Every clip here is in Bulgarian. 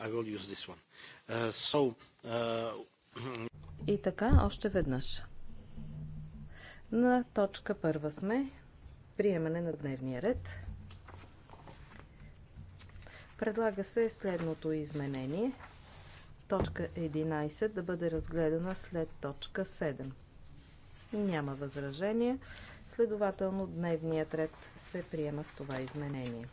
I will use this one. Uh, so, uh... И така, още веднъж. На точка първа сме. Приемане на дневния ред. Предлага се следното изменение. Точка 11 да бъде разгледана след точка 7. Няма възражение. Следователно дневният ред се приема с това изменение.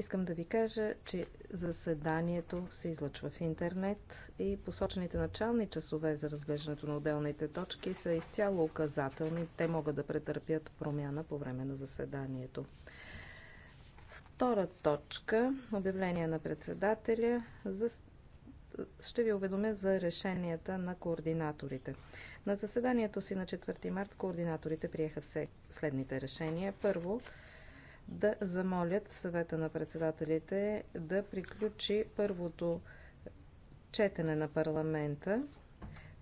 Искам да ви кажа, че заседанието се излъчва в интернет и посочените начални часове за разглеждането на отделните точки са изцяло указателни. Те могат да претърпят промяна по време на заседанието. Втора точка – обявление на председателя за ще ви уведомя за решенията на координаторите. На заседанието си на 4 март координаторите приеха все следните решения. Първо, да замолят съвета на председателите да приключи първото четене на парламента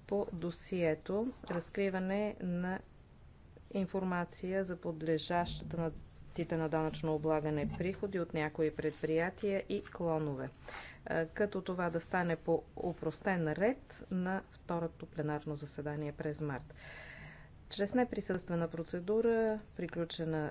по досието разкриване на информация за подлежащата на тите на данъчно облагане приходи от някои предприятия и клонове. Като това да стане по упростен ред на второто пленарно заседание през март. Чрез неприсъствена процедура, приключена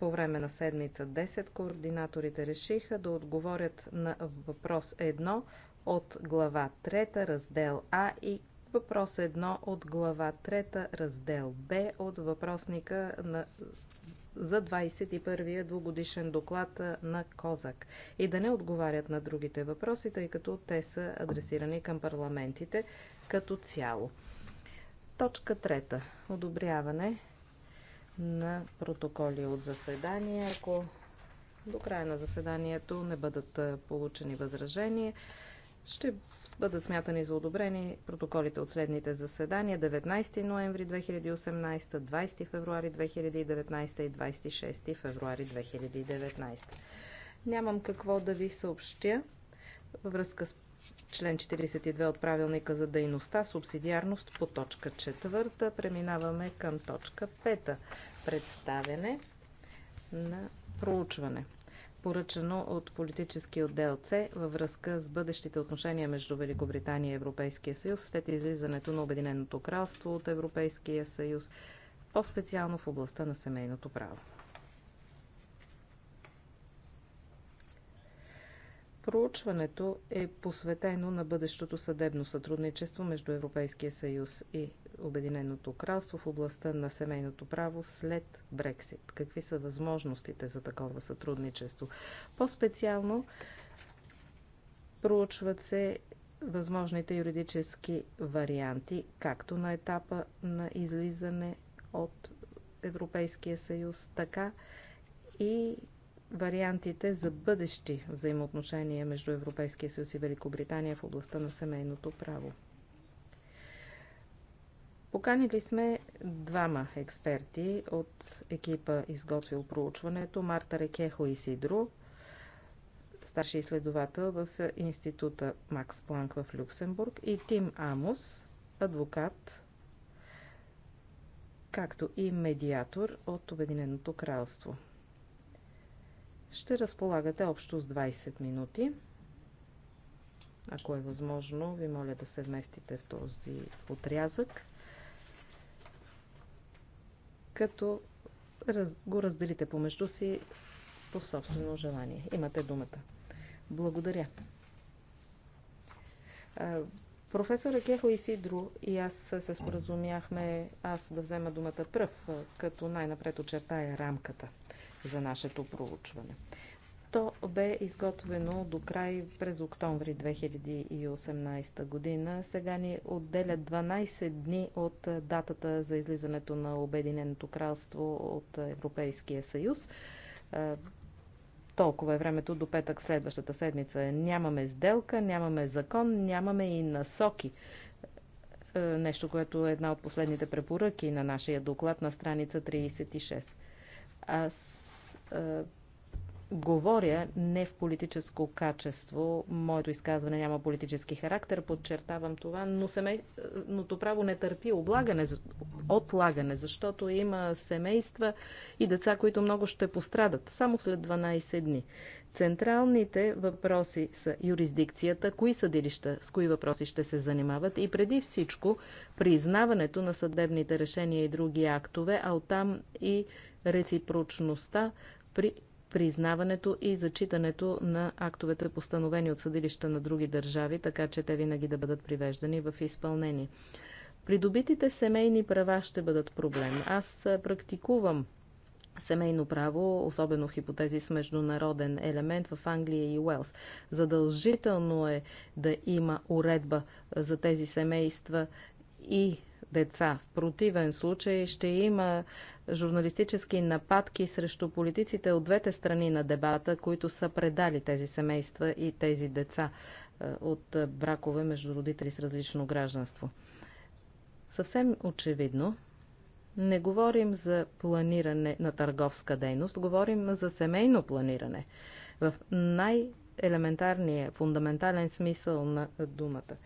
по време на седмица 10 координаторите решиха да отговорят на въпрос 1 от глава 3, раздел А и въпрос 1 от глава 3, раздел Б от въпросника на за 21-я двугодишен доклад на Козак и да не отговарят на другите въпроси, тъй като те са адресирани към парламентите като цяло. Точка 3. Одобряване на протоколи от заседания. Ако до края на заседанието не бъдат получени възражения, ще бъдат смятани за одобрени протоколите от следните заседания 19 ноември 2018, 20 февруари 2019 и 26 февруари 2019. Нямам какво да ви съобщя във връзка с член 42 от правилника за дейността, субсидиарност по точка 4. Преминаваме към точка 5. Представяне на проучване поръчано от политически отдел С във връзка с бъдещите отношения между Великобритания и Европейския съюз след излизането на Обединеното кралство от Европейския съюз, по-специално в областта на семейното право. Проучването е посветено на бъдещото съдебно сътрудничество между Европейския съюз и Обединеното кралство в областта на семейното право след Брексит. Какви са възможностите за такова сътрудничество? По-специално проучват се възможните юридически варианти, както на етапа на излизане от Европейския съюз, така и вариантите за бъдещи взаимоотношения между Европейския съюз и Великобритания в областта на семейното право. Поканили сме двама експерти от екипа изготвил проучването Марта Рекехо и Сидро, старши изследовател в Института Макс Планк в Люксембург и Тим Амус, адвокат, както и медиатор от Обединеното кралство ще разполагате общо с 20 минути. Ако е възможно, ви моля да се вместите в този отрязък, като го разделите помежду си по собствено желание. Имате думата. Благодаря. Професор Екехо и Сидро и аз се споразумяхме аз да взема думата пръв, като най-напред очертая рамката – за нашето проучване. То бе изготвено до край през октомври 2018 година. Сега ни отделят 12 дни от датата за излизането на Обединеното кралство от Европейския съюз. Толкова е времето до петък следващата седмица. Нямаме сделка, нямаме закон, нямаме и насоки. Нещо, което е една от последните препоръки на нашия доклад на страница 36. Аз е, говоря не в политическо качество. Моето изказване няма политически характер, подчертавам това, но семейното право не търпи облагане, отлагане, защото има семейства и деца, които много ще пострадат само след 12 дни. Централните въпроси са юрисдикцията, кои съдилища с кои въпроси ще се занимават и преди всичко признаването на съдебните решения и други актове, а оттам и реципрочността при признаването и зачитането на актовете, постановени от съдилища на други държави, така че те винаги да бъдат привеждани в изпълнение. Придобитите семейни права ще бъдат проблем. Аз практикувам семейно право, особено в хипотези с международен елемент в Англия и Уелс. Задължително е да има уредба за тези семейства и деца. В противен случай ще има журналистически нападки срещу политиците от двете страни на дебата, които са предали тези семейства и тези деца е, от бракове между родители с различно гражданство. Съвсем очевидно, не говорим за планиране на търговска дейност, говорим за семейно планиране в най-елементарния, фундаментален смисъл на думата.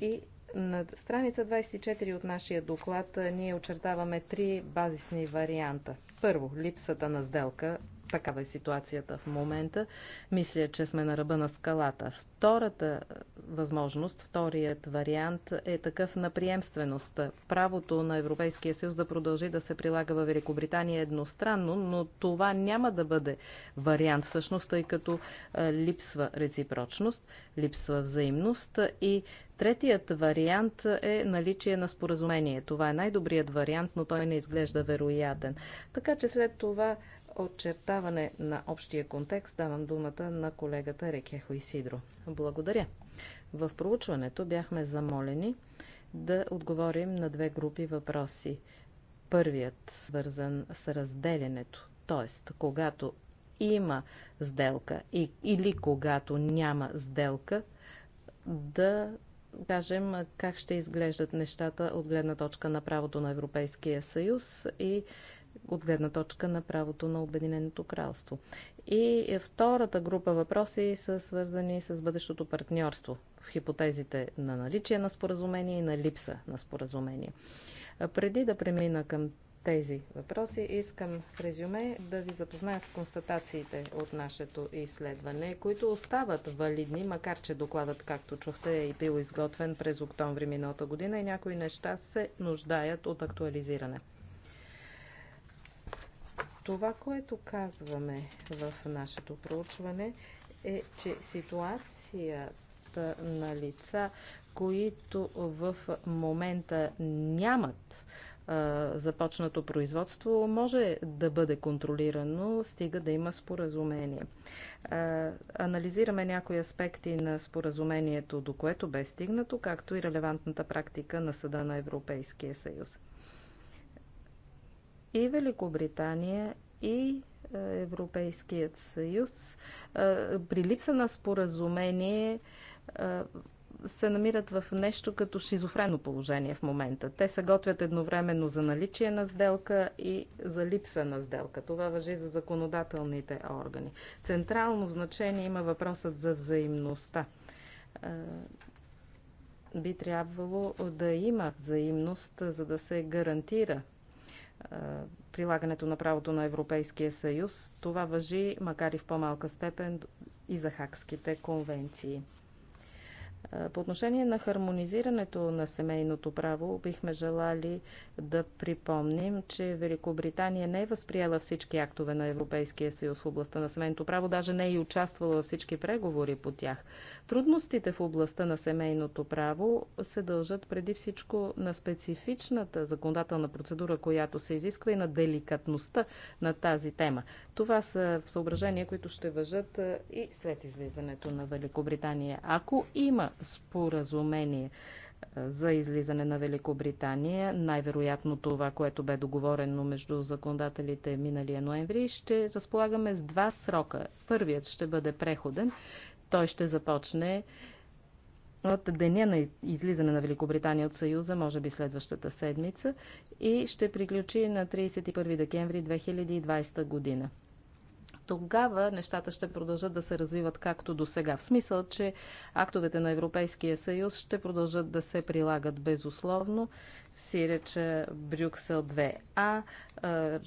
И на страница 24 от нашия доклад ние очертаваме три базисни варианта. Първо, липсата на сделка Такава е ситуацията в момента. Мисля, че сме на ръба на скалата. Втората е, възможност, вторият вариант е такъв на приемственост. Правото на Европейския съюз да продължи да се прилага във Великобритания е едностранно, но това няма да бъде вариант всъщност, тъй като е, липсва реципрочност, липсва взаимност и Третият вариант е наличие на споразумение. Това е най-добрият вариант, но той не изглежда вероятен. Така че след това очертаване на общия контекст давам думата на колегата Рекехо Исидро. Благодаря. В проучването бяхме замолени да отговорим на две групи въпроси. Първият свързан с разделянето, т.е. когато има сделка и, или когато няма сделка, да кажем как ще изглеждат нещата от гледна точка на правото на Европейския съюз и от гледна точка на правото на Обединеното кралство. И втората група въпроси са свързани с бъдещото партньорство в хипотезите на наличие на споразумение и на липса на споразумение. Преди да премина към тези въпроси, искам в резюме да ви запозная с констатациите от нашето изследване, които остават валидни, макар че докладът, както чухте, е бил изготвен през октомври миналата година и някои неща се нуждаят от актуализиране. Това, което казваме в нашето проучване е, че ситуацията на лица, които в момента нямат започнато производство, може да бъде контролирано, стига да има споразумение. анализираме някои аспекти на споразумението, до което бе стигнато, както и релевантната практика на Съда на Европейския съюз и Великобритания, и е, Европейският съюз е, при липса на споразумение е, се намират в нещо като шизофрено положение в момента. Те се готвят едновременно за наличие на сделка и за липса на сделка. Това въжи за законодателните органи. Централно значение има въпросът за взаимността. Би трябвало да има взаимност, за да се гарантира прилагането на правото на Европейския съюз. Това въжи, макар и в по-малка степен, и за хакските конвенции. По отношение на хармонизирането на семейното право, бихме желали да припомним, че Великобритания не е възприела всички актове на Европейския съюз в областта на семейното право, даже не е и участвала във всички преговори по тях. Трудностите в областта на семейното право се дължат преди всичко на специфичната законодателна процедура, която се изисква и на деликатността на тази тема. Това са съображения, които ще въжат и след излизането на Великобритания. Ако има споразумение за излизане на Великобритания, най-вероятно това, което бе договорено между законодателите миналия ноември, ще разполагаме с два срока. Първият ще бъде преходен. Той ще започне от деня на излизане на Великобритания от Съюза, може би следващата седмица, и ще приключи на 31 декември 2020 година тогава нещата ще продължат да се развиват както до сега. В смисъл, че актовете на Европейския съюз ще продължат да се прилагат безусловно. Сиреч Брюксел 2А,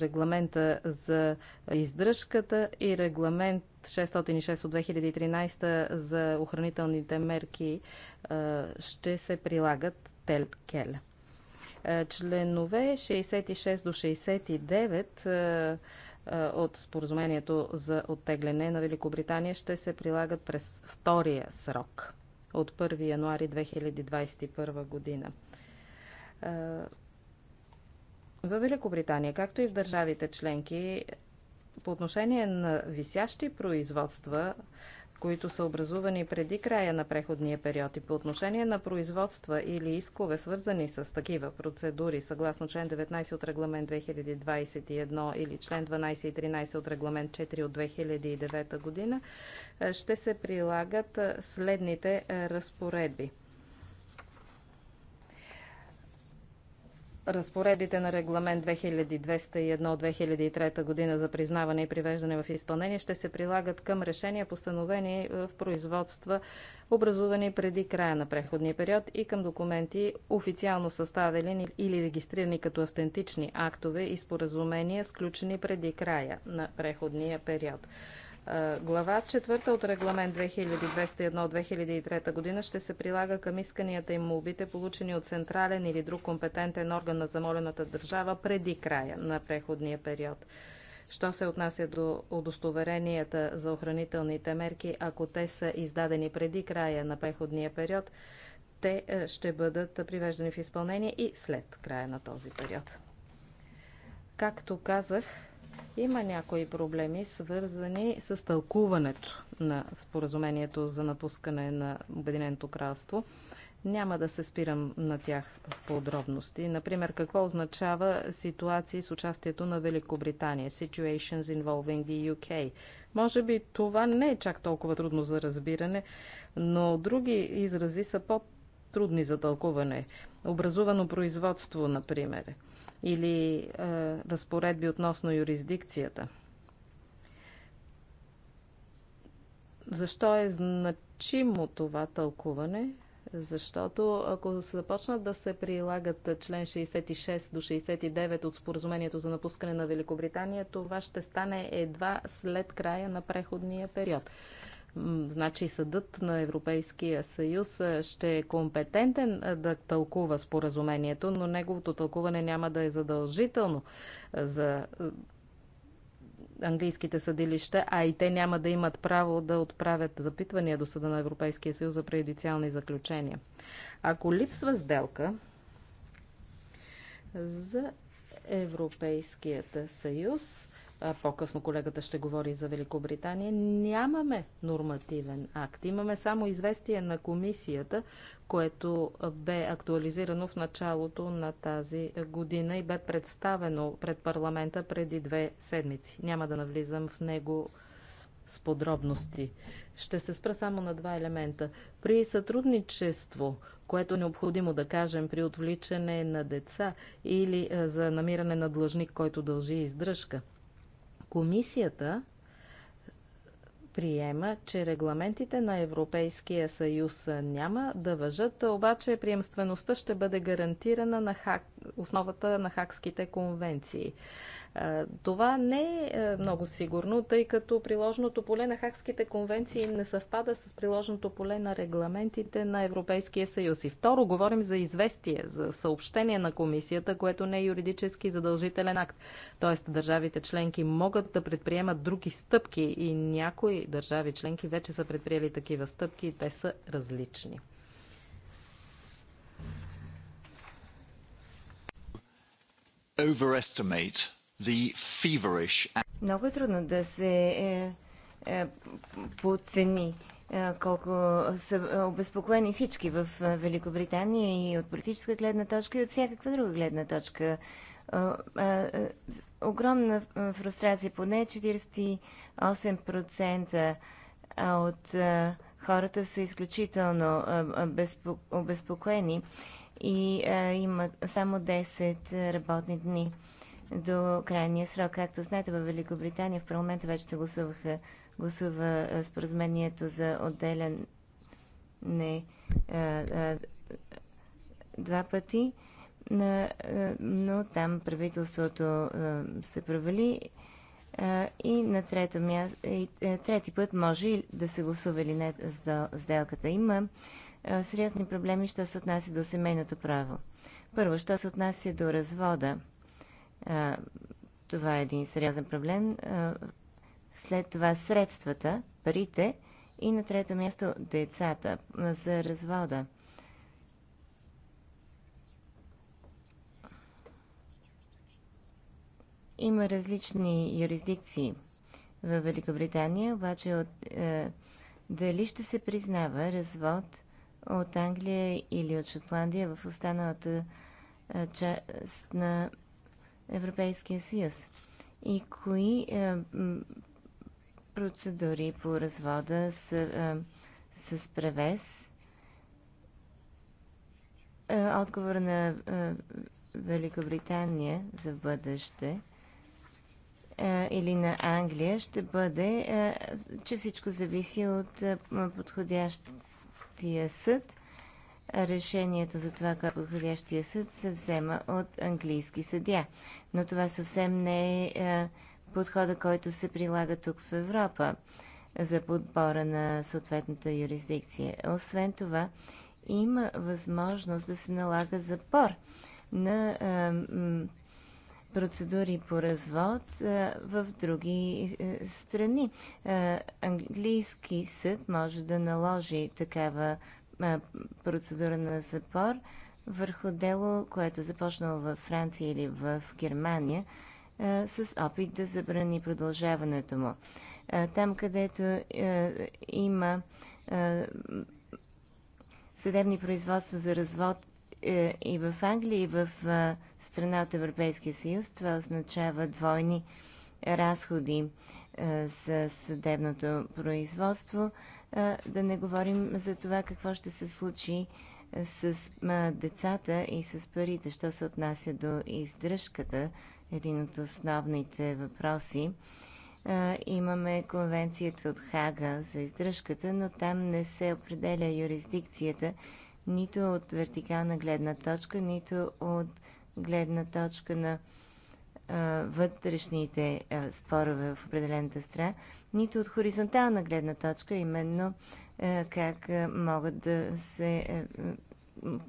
регламента за издръжката и регламент 606 от 2013 за охранителните мерки ще се прилагат тел-кел. Членове 66 до 69 е, от споразумението за оттегляне на Великобритания ще се прилагат през втория срок от 1 януари 2021 година. Е, във Великобритания, както и в държавите членки, по отношение на висящи производства които са образувани преди края на преходния период и по отношение на производства или искове, свързани с такива процедури, съгласно член 19 от регламент 2021 или член 12 и 13 от регламент 4 от 2009 година, е, ще се прилагат е, следните е, разпоредби. разпоредите на регламент 2201-2003 година за признаване и привеждане в изпълнение ще се прилагат към решения, постановени в производства, образувани преди края на преходния период и към документи, официално съставени или регистрирани като автентични актове и споразумения, сключени преди края на преходния период. Глава 4 от регламент 2201 2003 година ще се прилага към исканията и молбите, получени от централен или друг компетентен орган на замолената държава преди края на преходния период. Що се отнася до удостоверенията за охранителните мерки, ако те са издадени преди края на преходния период, те е, ще бъдат привеждани в изпълнение и след края на този период. Както казах, има някои проблеми, свързани с тълкуването на споразумението за напускане на Обединеното кралство. Няма да се спирам на тях в подробности. Например, какво означава ситуации с участието на Великобритания? Situations involving the UK. Може би това не е чак толкова трудно за разбиране, но други изрази са по-трудни за тълкуване. Образувано производство, например или е, разпоредби относно юрисдикцията. Защо е значимо това тълкуване? Защото ако се започнат да се прилагат член 66 до 69 от споразумението за напускане на Великобритания, това ще стане едва след края на преходния период. Значи съдът на Европейския съюз ще е компетентен да тълкува споразумението, но неговото тълкуване няма да е задължително за английските съдилища, а и те няма да имат право да отправят запитвания до Съда на Европейския съюз за преюдициални заключения. Ако липсва сделка за Европейският съюз, по-късно колегата ще говори за Великобритания, нямаме нормативен акт. Имаме само известие на комисията, което бе актуализирано в началото на тази година и бе представено пред парламента преди две седмици. Няма да навлизам в него с подробности. Ще се спра само на два елемента. При сътрудничество, което е необходимо да кажем при отвличане на деца или за намиране на длъжник, който дължи издръжка – Комисията приема, че регламентите на Европейския съюз няма да въжат, обаче приемствеността ще бъде гарантирана на хак основата на хакските конвенции. Това не е, е много сигурно, тъй като приложното поле на хакските конвенции не съвпада с приложното поле на регламентите на Европейския съюз. И второ, говорим за известие, за съобщение на комисията, което не е юридически задължителен акт. Тоест, държавите членки могат да предприемат други стъпки и някои държави членки вече са предприели такива стъпки и те са различни. overestimate the feverish... Много е трудно да се е, е, подцени е, колко са обезпокоени всички в е, Великобритания и от политическа гледна точка и от всякаква друга гледна точка. Е, огромна фрустрация, поне 48% от хората са изключително обезпокоени и а, е, има само 10 е, работни дни до крайния срок. Както знаете, в Великобритания в парламента вече се гласуваха, гласува е, споразумението за отделен не а, а, два пъти, а, но там правителството а, се провали а, и на трето място, и, трети път може да се гласува или не сделката. Има е, сериозни проблеми, що се отнася до семейното право. Първо, що се отнася до развода, е, това е един сериозен проблем. Е, след това средствата, парите и на трето място децата за развода. Има различни юрисдикции в Великобритания, обаче от, е, дали ще се признава развод от Англия или от Шотландия в останалата част на Европейския съюз? И кои процедури по развода с, с превес? Отговор на Великобритания за бъдеще или на Англия ще бъде, че всичко зависи от подходящ подходящия съд. Решението за това, как е подходящия съд, се взема от английски съдя. Но това съвсем не е, е подхода, който се прилага тук в Европа за подбора на съответната юрисдикция. Освен това, има възможност да се налага запор на е, процедури по развод в други е, страни. английски съд може да наложи такава процедура на запор върху дело, което е започнало във Франция или в Германия, с опит да забрани продължаването му. Там, където е, има съдебни производства за развод е, и в Англия, и в страна от Европейския съюз. Това означава двойни разходи с съдебното производство. Да не говорим за това какво ще се случи с децата и с парите, що се отнася до издръжката, един от основните въпроси. Имаме конвенцията от Хага за издръжката, но там не се определя юрисдикцията нито от вертикална гледна точка, нито от гледна точка на а, вътрешните а, спорове в определената страна, нито от хоризонтална гледна точка, именно а, как а, могат да се. А,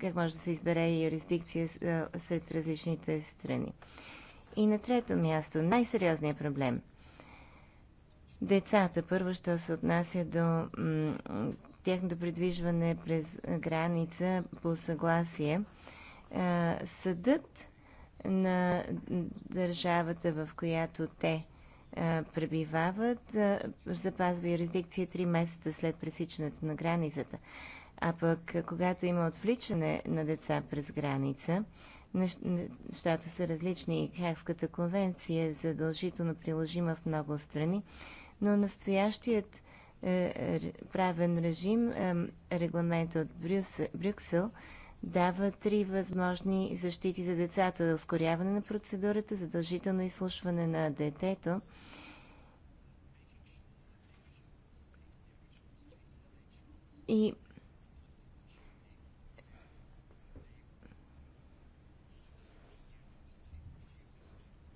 как може да се избере юрисдикция сред различните страни. И на трето място, най-сериозният проблем – децата. Първо, що се отнася до тяхното придвижване през граница по съгласие, съдът на държавата, в която те пребивават, запазва юрисдикция 3 месеца след пресичането на границата. А пък, когато има отвличане на деца през граница, нещата са различни. Хагската конвенция е задължително приложима в много страни но настоящият е, правен режим, е, регламент от Брюксел, дава три възможни защити за децата. Ускоряване на процедурата, задължително изслушване на детето. И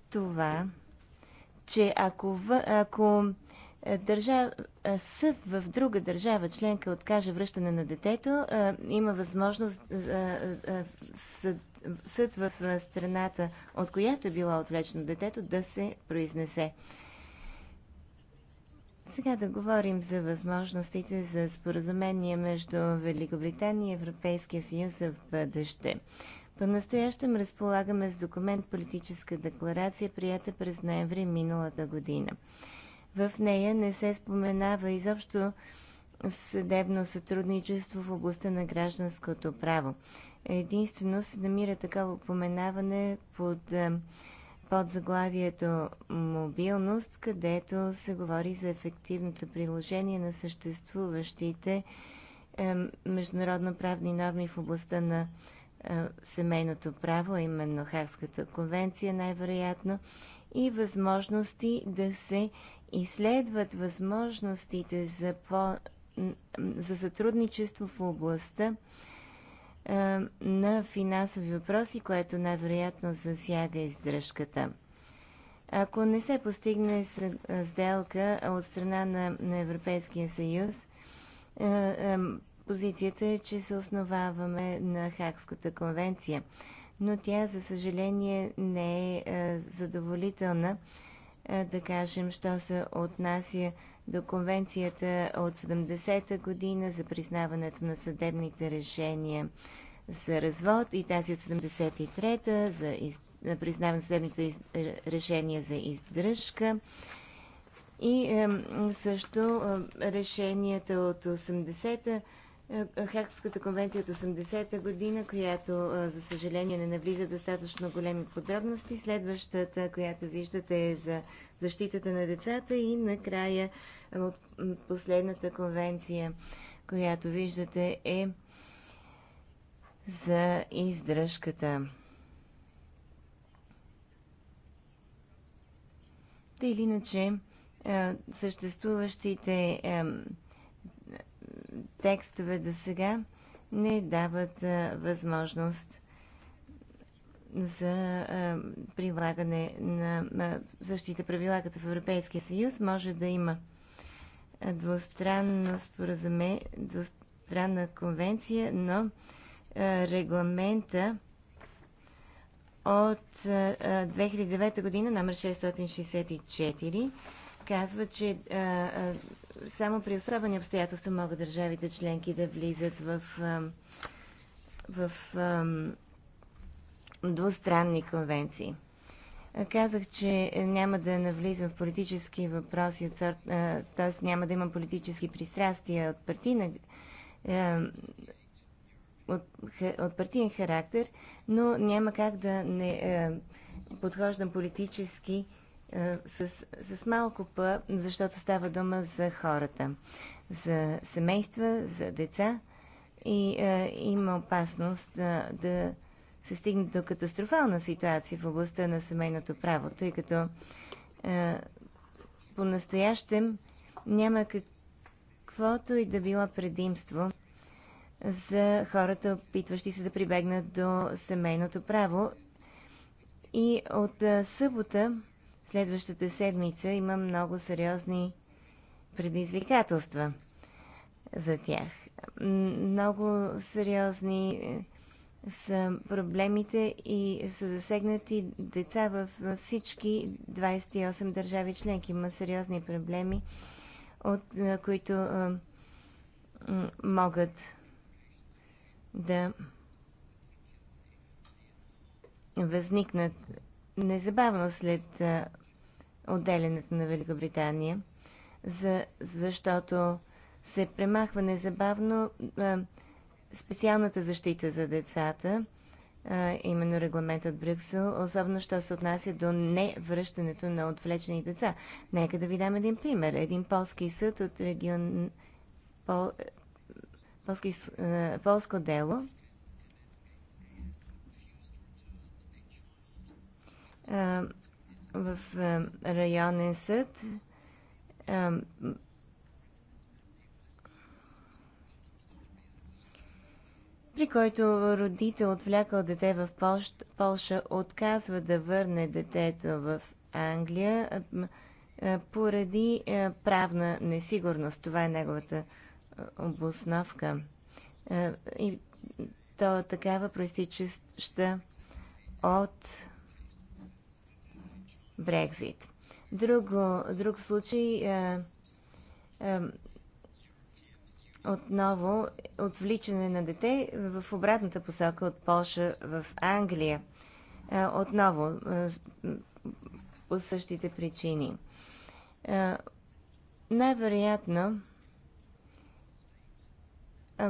това, че ако, ако е, е, съд в друга държава членка откаже връщане на детето, е, има възможност съд, съд в страната, от която е било отвлечено детето, да се произнесе. Сега да говорим за възможностите за споразумение между Великобритания и Европейския съюз в бъдеще. По-настоящем разполагаме с документ политическа декларация, прията през ноември миналата година. В нея не се споменава изобщо съдебно сътрудничество в областта на гражданското право. Единствено се намира такова упоменаване под, е, под заглавието мобилност, където се говори за ефективното приложение на съществуващите е, международно-правни норми в областта на е, семейното право, именно Хагската конвенция най-вероятно, и възможности да се изследват възможностите за, по, за сътрудничество в областта на финансови въпроси, което най-вероятно засяга издръжката. Ако не се постигне сделка от страна на, на Европейския съюз, позицията е, че се основаваме на Хакската конвенция. Но тя, за съжаление, не е задоволителна е, да кажем, що се отнася до конвенцията от 70-та година за признаването на съдебните решения за развод и тази от 73-та за из... признаване на съдебните из... Е, решения за издръжка и е, също решенията от 80-та е, Хакската конвенция от 80-та година, която е, за съжаление не навлиза достатъчно големи подробности. Следващата, която виждате е за защитата на децата и накрая е, от последната конвенция, която виждате е за издръжката. Та или иначе съществуващите текстове до сега не дават а, възможност за а, прилагане на а, защита. правила като в Европейския съюз. Може да има двустранно споразуме, двустранна конвенция, но регламента от 2009 година, номер 664, казва, че само при особени обстоятелства могат държавите членки да влизат в, в, в двустранни конвенции. Казах, че няма да навлизам в политически въпроси, т.е. няма да имам политически пристрастия от, партийна, от, от партиен характер, но няма как да не подхождам политически е, с, с малко па, защото става дума за хората, за семейства, за деца и е, има опасност да, е, да се стигне до катастрофална ситуация в областта на семейното право, тъй като е, по-настоящем няма каквото и да било предимство за хората, опитващи се да прибегнат до семейното право. И от е, събота следващата седмица има много сериозни предизвикателства за тях. Много сериозни е, са проблемите и са засегнати деца в всички 28 държави членки. Има сериозни проблеми, от е, които е, могат да възникнат незабавно след отделянето на Великобритания, за, защото се премахва незабавно а, специалната защита за децата, а, именно регламентът Брюксел, особено що се отнася до невръщането на отвлечени деца. Нека да ви дам един пример. Един полски съд от регион... Пол... Е, полски, а, е, полско дело в е, районен съд. Е, при който родител отвлякал дете в Полш, Полша отказва да върне детето в Англия е, поради правна несигурност. Това е неговата обосновка. И то такава проистичаща от Брекзит. Друго, друг случай е, е, отново отвличане на дете в обратната посока от Польша в Англия. Е, отново е, по същите причини. Е, най-вероятно е,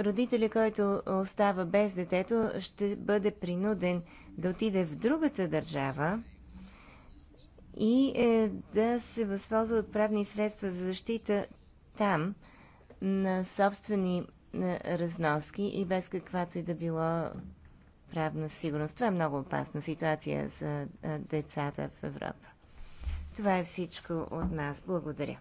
родителя, който остава без детето, ще бъде принуден да отиде в другата държава и е, да се възползва от правни средства за защита там на собствени на разноски и без каквато и да било правна сигурност. Това е много опасна ситуация за е, децата в Европа. Това е всичко от нас. Благодаря.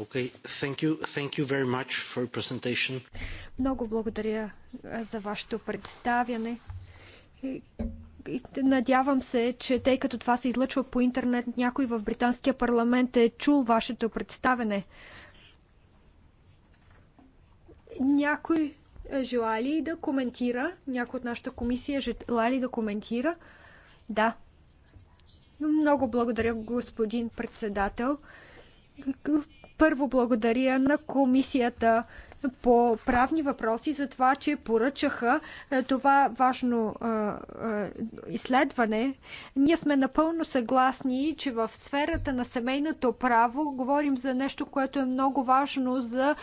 Okay, thank you, thank you very much for presentation. Много благодаря за вашето представяне. Надявам се, че тъй като това се излъчва по интернет, някой в британския парламент е чул вашето представяне. Някой желая ли да коментира? Някой от нашата комисия желая ли да коментира? Да. Много благодаря, господин председател. Първо благодаря на комисията по правни въпроси за това, че поръчаха е, това важно е, е, изследване. Ние сме напълно съгласни, че в сферата на семейното право говорим за нещо, което е много важно за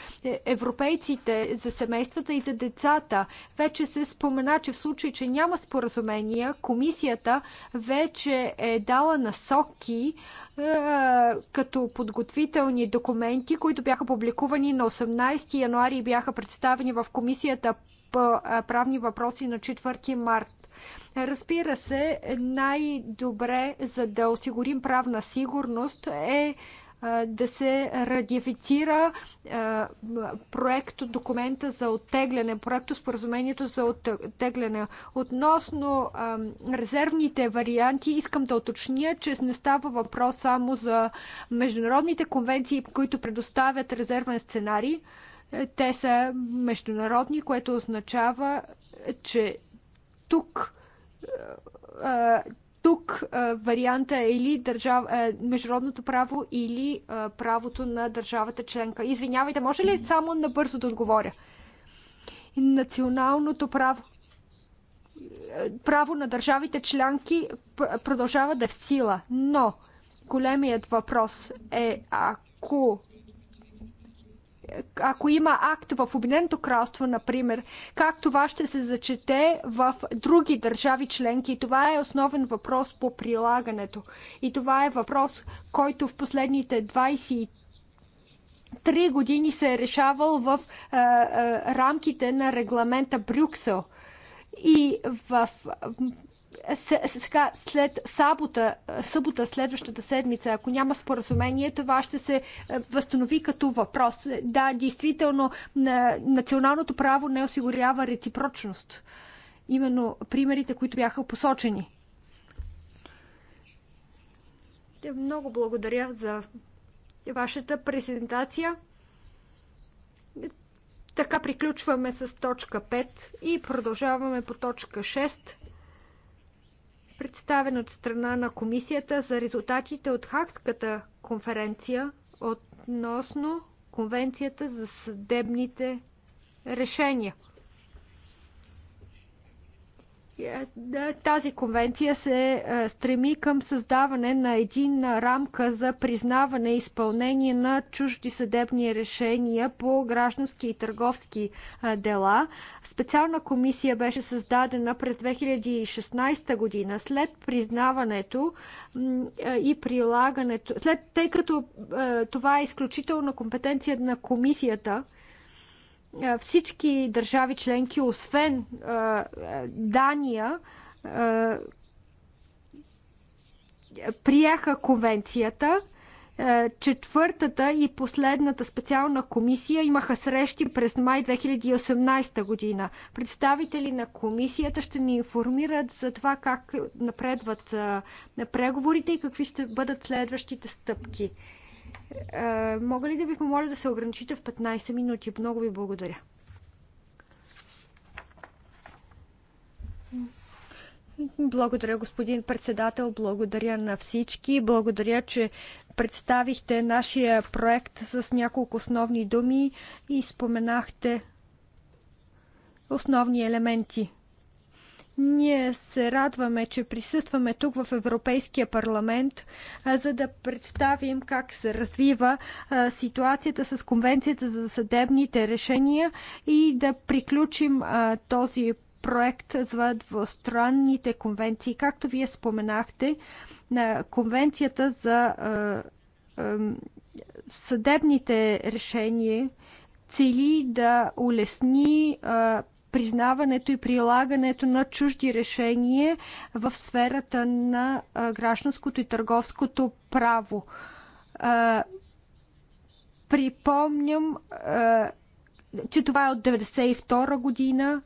европейците, за семействата и за децата. Вече се спомена, че в случай, че няма споразумения, комисията вече е дала насоки е, като подготвителни документи, които бяха публикувани на 18 януари и бяха представени в комисията по е, правни въпроси на 4 март. Разбира се, най-добре за да осигурим правна сигурност е да се радифицира проекто документа за оттегляне, проекто споразумението за оттегляне. Относно резервните варианти, искам да уточня, че не става въпрос само за международните конвенции, които предоставят резервен сценарий. Е, те са международни, което означава, че тук е, е, тук варианта е или държав... международното право, или правото на държавата членка. Извинявайте, може ли само набързо да отговоря? Националното право право на държавите членки продължава да е в сила. Но големият въпрос е ако ако има акт в Обединеното кралство, например, как това ще се зачете в други държави членки. това е основен въпрос по прилагането. И това е въпрос, който в последните 23 три години се е решавал в е, е, рамките на регламента Брюксел. И в сега след сабота, събота, следващата седмица, ако няма споразумение, това ще се е, възстанови като въпрос. Да, действително, националното право не осигурява реципрочност. Именно примерите, които бяха посочени. Много благодаря за вашата презентация. Така приключваме с точка 5 и продължаваме по точка 6 представен от страна на Комисията за резултатите от Хагската конференция относно Конвенцията за съдебните решения. Е, тази конвенция се е, стреми към създаване на един рамка за признаване и изпълнение на чужди съдебни решения по граждански и търговски е, дела. Специална комисия беше създадена през 2016 година след признаването и прилагането, след, тъй като това е изключителна компетенция на комисията, всички държави членки, освен Дания, прияха конвенцията. Четвъртата и последната специална комисия имаха срещи през май 2018 година. Представители на комисията ще ни информират за това как напредват преговорите и какви ще бъдат следващите стъпки мога ли да ви помоля да се ограничите в 15 минути? Много ви благодаря. Благодаря, господин председател. Благодаря на всички. Благодаря, че представихте нашия проект с няколко основни думи и споменахте основни елементи ние се радваме, че присъстваме тук в Европейския парламент, за да представим как се развива ситуацията с Конвенцията за съдебните решения и да приключим този проект за двустранните конвенции. Както вие споменахте, на Конвенцията за съдебните решения цели да улесни признаването и прилагането на чужди решения в сферата на гражданското и търговското право. Припомням, че това е от 1992 година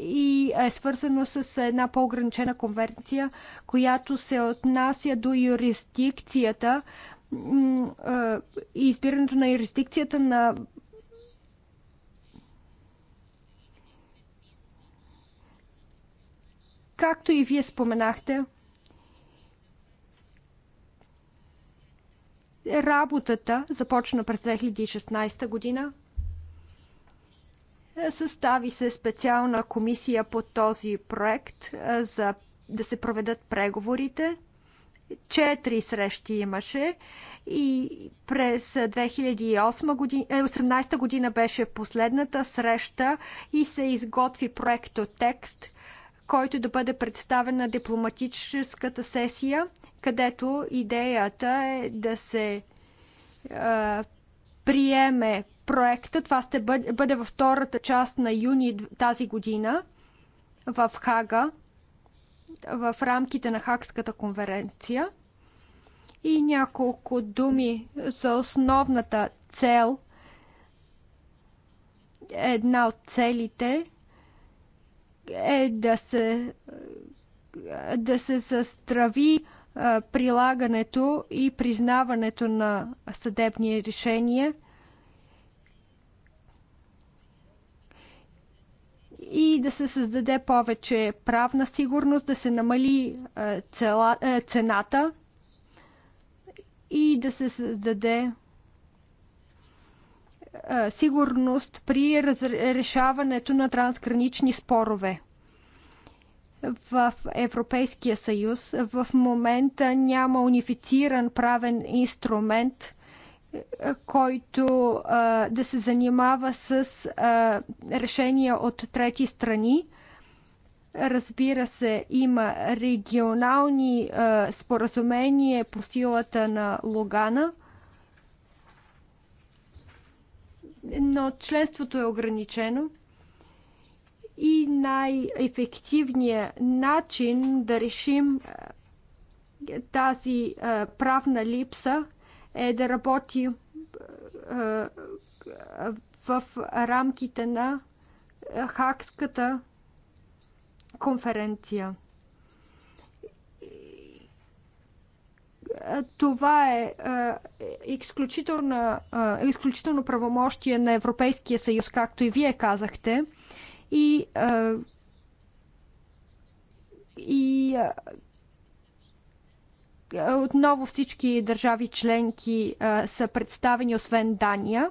и е свързано с една по-ограничена конвенция, която се отнася до юрисдикцията и избирането на юрисдикцията на Както и вие споменахте, работата започна през 2016 година. Е, състави се специална комисия по този проект е, за да се проведат преговорите. Четири срещи имаше и през 2018 година, е, година беше последната среща и се изготви проекто текст който да бъде представен на дипломатическата сесия, където идеята е да се а, приеме проекта. Това ще бъде, бъде във втората част на юни тази година в Хага, в рамките на Хагската конференция. И няколко думи за основната цел. Една от целите е да се, да се застрави прилагането и признаването на съдебни решения и да се създаде повече правна сигурност, да се намали цената и да се създаде е, сигурност при разрешаването на трансгранични спорове. В Европейския съюз в момента няма унифициран правен инструмент, е, който а, е, да се занимава с а, решения от трети страни. Разбира се, има регионални а, споразумения по силата на Логана – но членството е ограничено и най-ефективният начин да решим е, тази е, правна липса е да работи е, в рамките на Хакската конференция. Е, това е, е, е изключително, правомощие на Европейския съюз, както и вие казахте. И, и отново всички държави членки са представени, освен Дания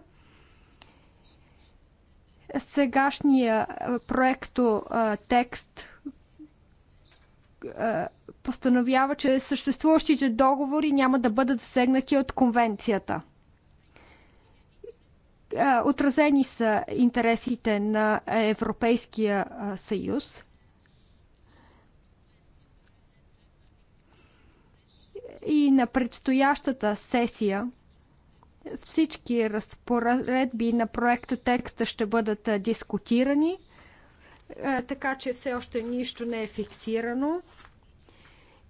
сегашния проекто текст постановява, че съществуващите договори няма да бъдат засегнати от конвенцията. Е, отразени са интересите на Европейския е, съюз. И на предстоящата сесия всички разпоредби на проекто текста ще бъдат е, дискутирани, така че все още нищо не е фиксирано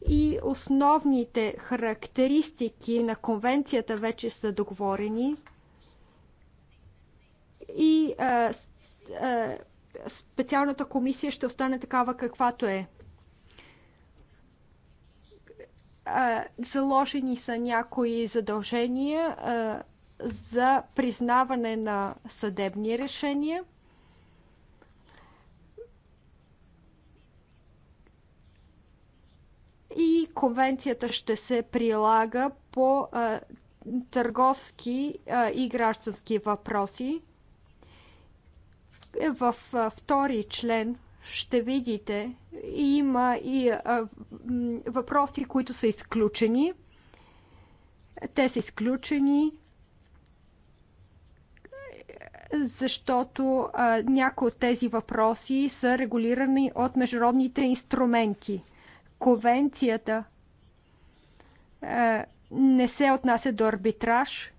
и основните характеристики на конвенцията вече са договорени и а, а, специалната комисия ще остане такава каквато е. А, заложени са някои задължения а, за признаване на съдебни решения – и конвенцията ще се прилага по а, търговски а, и граждански въпроси. В а, втори член ще видите има и а, въпроси, които са изключени. Те са изключени защото а, някои от тези въпроси са регулирани от международните инструменти. Конвенцията е, не се отнася до арбитраж.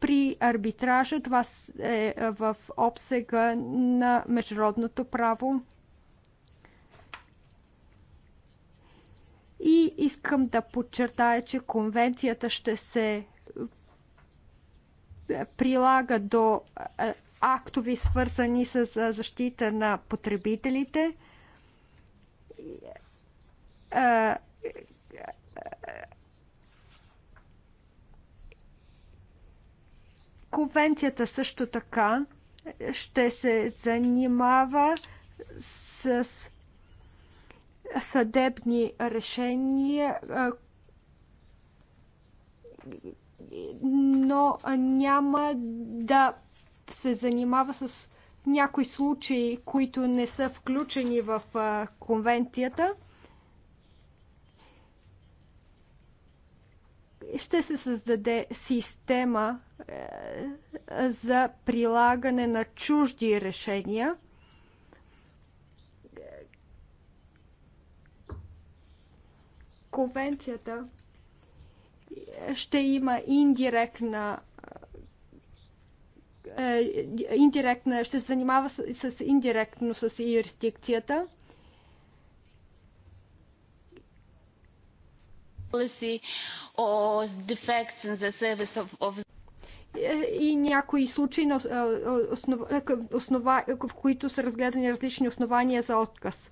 При арбитража това е в обсега на международното право. И искам да подчертая, че конвенцията ще се е, прилага до е, актови, свързани с защита на потребителите Конвенцията също така ще се занимава с съдебни решения, но няма да се занимава с някои случаи, които не са включени в конвенцията. ще се създаде система е, за прилагане на чужди решения. Конвенцията ще има индиректна е, индиректна, ще се занимава с, с индиректно с юрисдикцията Е, и някои случаи, на е, е, основа, основа, в които са разгледани различни основания за отказ.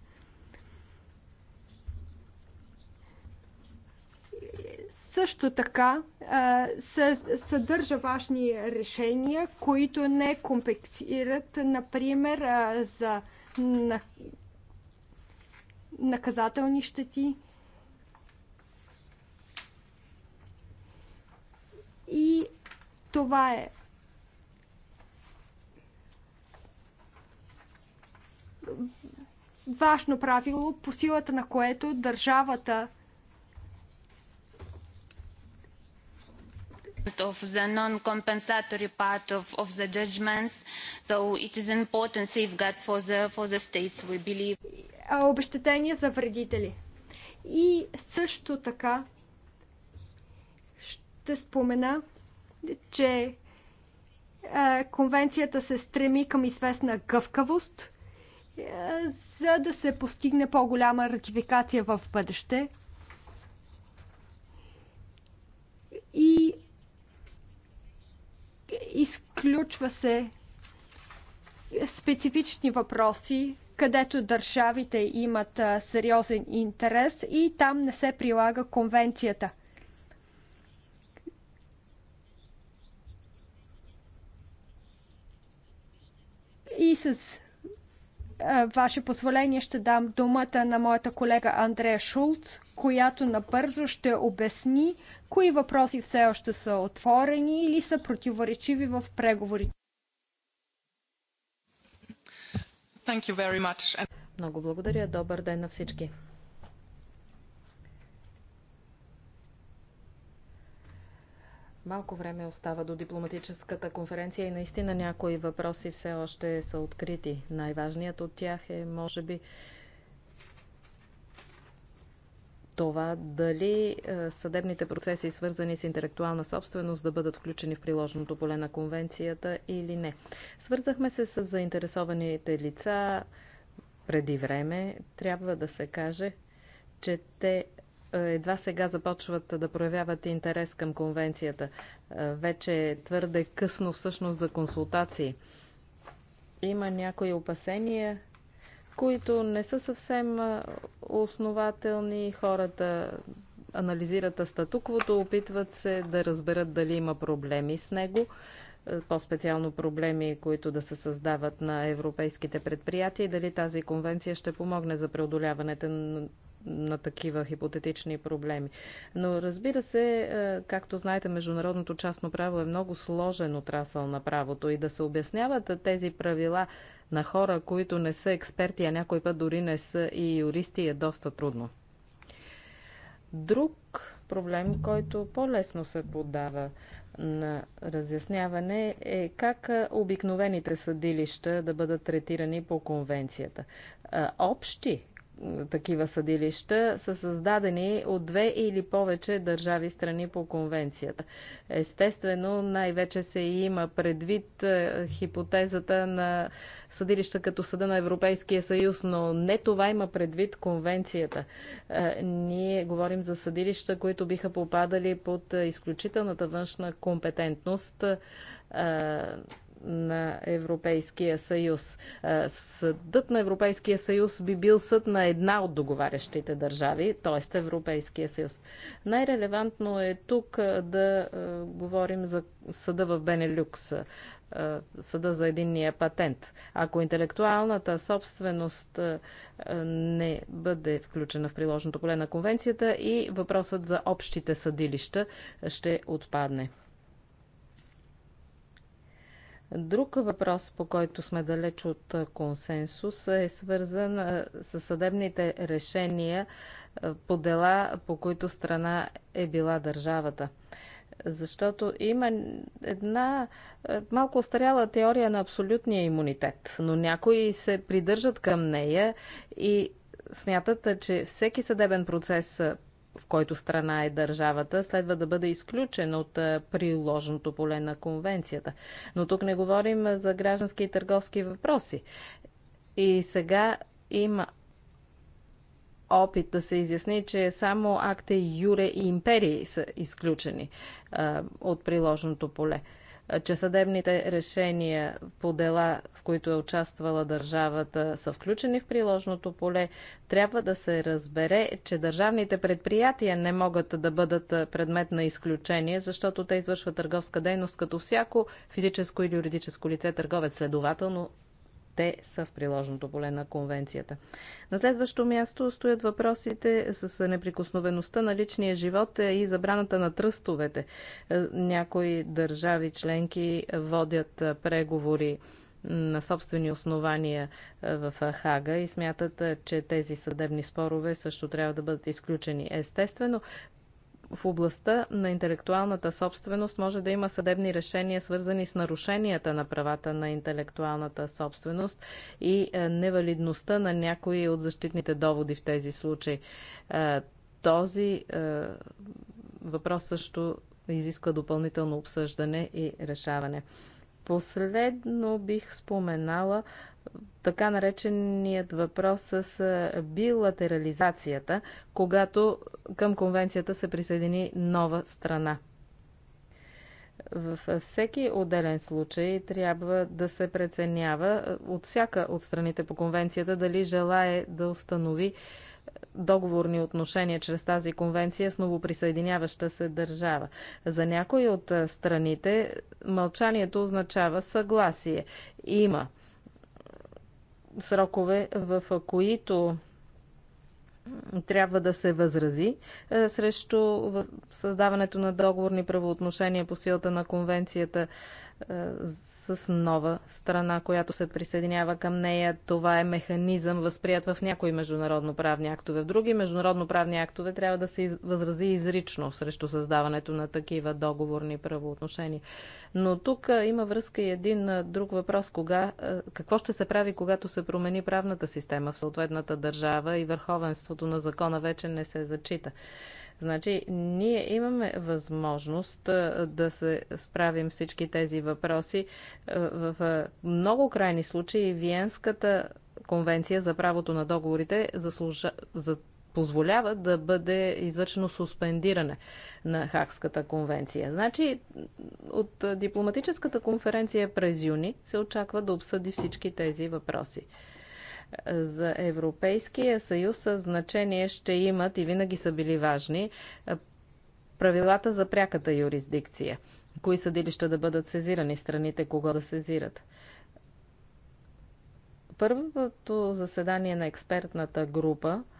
Също така се съдържа важни решения, които не компенсират, например, за наказателни щети. И това е важно правило, по силата на което държавата of the non-compensatory part of, of the judgments. So it is an important safeguard for the, for the states, we believe. Обещетение за вредители. И също така спомена, че конвенцията се стреми към известна гъвкавост, за да се постигне по-голяма ратификация в бъдеще. И изключва се специфични въпроси, където държавите имат сериозен интерес и там не се прилага конвенцията – И с ваше позволение ще дам думата на моята колега Андрея Шулц, която набързо ще обясни кои въпроси все още са отворени или са противоречиви в преговорите. Много благодаря. Добър ден на всички. Малко време остава до дипломатическата конференция и наистина някои въпроси все още са открити. Най-важният от тях е, може би, това дали е, съдебните процеси, свързани с интелектуална собственост, да бъдат включени в приложното поле на конвенцията или не. Свързахме се с заинтересованите лица преди време. Трябва да се каже, че те едва сега започват да проявяват интерес към конвенцията. Е, вече е твърде късно всъщност за консултации. Има някои опасения, които не са съвсем е, основателни. Хората анализират статуквото, опитват се да разберат дали има проблеми с него е, по-специално проблеми, които да се създават на европейските предприятия и дали тази конвенция ще помогне за преодоляването на такива хипотетични проблеми. Но разбира се, е, както знаете, международното частно право е много сложен отрасъл на правото и да се обясняват тези правила на хора, които не са експерти, а някой път дори не са и юристи, е доста трудно. Друг проблем, който по-лесно се подава на разясняване е как е, обикновените съдилища да бъдат третирани по конвенцията. Е, общи такива съдилища са създадени от две или повече държави страни по конвенцията. Естествено, най-вече се има предвид е, хипотезата на съдилища като Съда на Европейския съюз, но не това има предвид конвенцията. Е, ние говорим за съдилища, които биха попадали под е, изключителната външна компетентност на Европейския съюз. Съдът на Европейския съюз би бил съд на една от договарящите държави, т.е. Европейския съюз. Най-релевантно е тук да говорим за съда в Бенелюкс, съда за единния патент. Ако интелектуалната собственост не бъде включена в приложното поле на конвенцията и въпросът за общите съдилища ще отпадне. Друг въпрос, по който сме далеч от консенсус, е свързан с съдебните решения по дела, по които страна е била държавата. Защото има една малко остаряла теория на абсолютния имунитет, но някои се придържат към нея и смятат, че всеки съдебен процес в който страна е държавата, следва да бъде изключен от приложното поле на конвенцията. Но тук не говорим за граждански и търговски въпроси. И сега има опит да се изясни, че само акте Юре и Империи са изключени а, от приложното поле че съдебните решения по дела, в които е участвала държавата, са включени в приложното поле, трябва да се разбере, че държавните предприятия не могат да бъдат предмет на изключение, защото те извършват търговска дейност като всяко физическо или юридическо лице търговец. Следователно, те са в приложното поле на конвенцията. На следващо място стоят въпросите с неприкосновеността на личния живот и забраната на тръстовете. Е, някои държави членки водят е, преговори на собствени основания е, в Хага и смятат, че тези съдебни спорове също трябва да бъдат изключени. Естествено, в областта на интелектуалната собственост може да има съдебни решения, свързани с нарушенията на правата на интелектуалната собственост и е, невалидността на някои от защитните доводи в тези случаи. Е, този е, въпрос също изисква допълнително обсъждане и решаване. Последно бих споменала така нареченият въпрос с билатерализацията, когато към конвенцията се присъедини нова страна. Във всеки отделен случай трябва да се преценява от всяка от страните по конвенцията дали желае да установи договорни отношения чрез тази конвенция с новоприсъединяваща се държава. За някои от страните мълчанието означава съгласие. Има срокове, в които трябва да се възрази е, срещу създаването на договорни правоотношения по силата на конвенцията е, с нова страна, която се присъединява към нея. Това е механизъм, възприят в някои международноправни актове. В други международноправни актове трябва да се възрази изрично срещу създаването на такива договорни правоотношения. Но тук има връзка и един друг въпрос. Кога, какво ще се прави, когато се промени правната система в съответната държава и върховенството на закона вече не се зачита? Значи, ние имаме възможност да се справим всички тези въпроси. В много крайни случаи Виенската конвенция за правото на договорите заслужа... за... позволява да бъде извършено суспендиране на Хакската конвенция. Значи, от дипломатическата конференция през юни се очаква да обсъди всички тези въпроси за Европейския съюз значение ще имат и винаги са били важни е, правилата за пряката юрисдикция. Кои съдилища да бъдат сезирани, страните кого да сезират. Първото заседание на експертната група –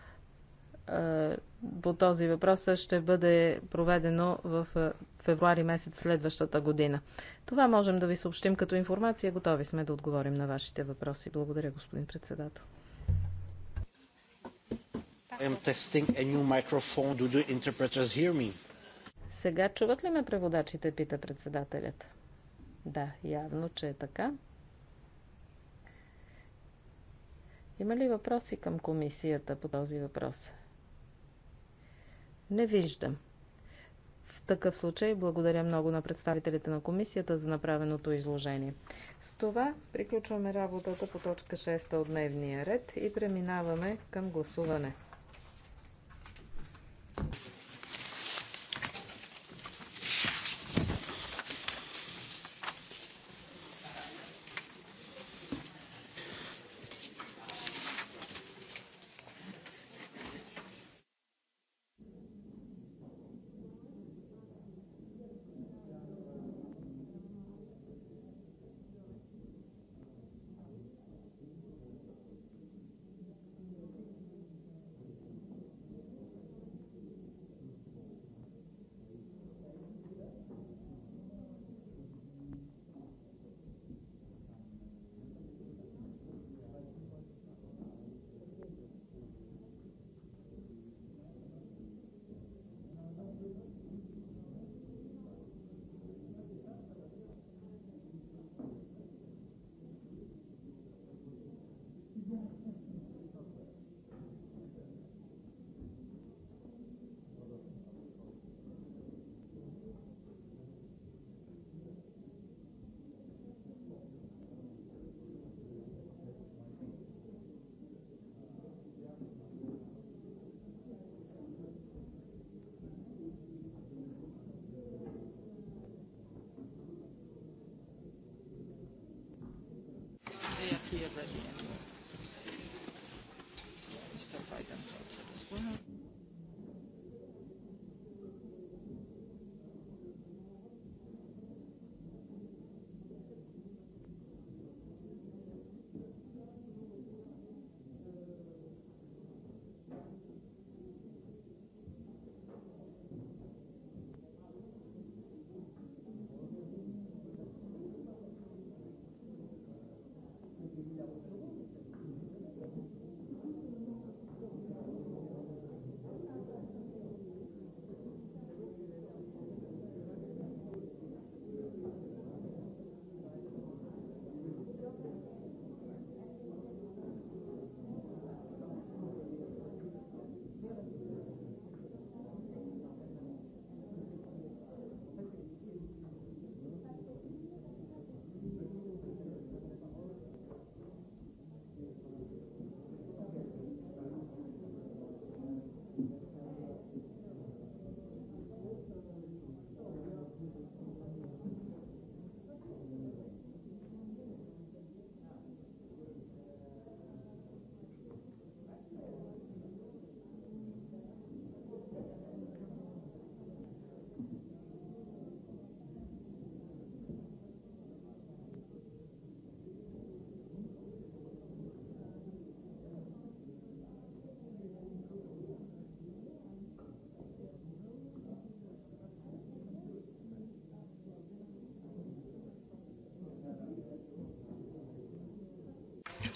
е, по този въпрос ще бъде проведено в е, февруари месец следващата година. Това можем да ви съобщим като информация. Готови сме да отговорим на вашите въпроси. Благодаря, господин председател. Сега чуват ли ме преводачите, пита председателят. Да, явно, че е така. Има ли въпроси към комисията по този въпрос? Не виждам. В такъв случай благодаря много на представителите на комисията за направеното изложение. С това приключваме работата по точка 6 от дневния ред и преминаваме към гласуване. we have written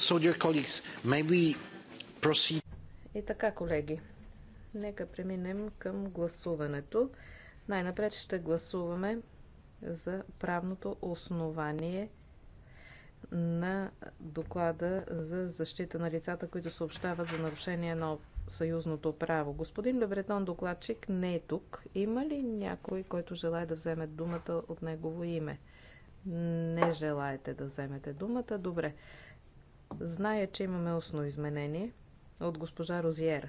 So, dear colleagues, may we proceed... И така, колеги, нека преминем към гласуването. Най-напред ще гласуваме за правното основание на доклада за защита на лицата, които съобщават за нарушение на съюзното право. Господин Лебретон докладчик не е тук. Има ли някой, който желая да вземе думата от негово име? Не желаете да вземете думата. Добре. Зная, че имаме устно изменение от госпожа Розиер.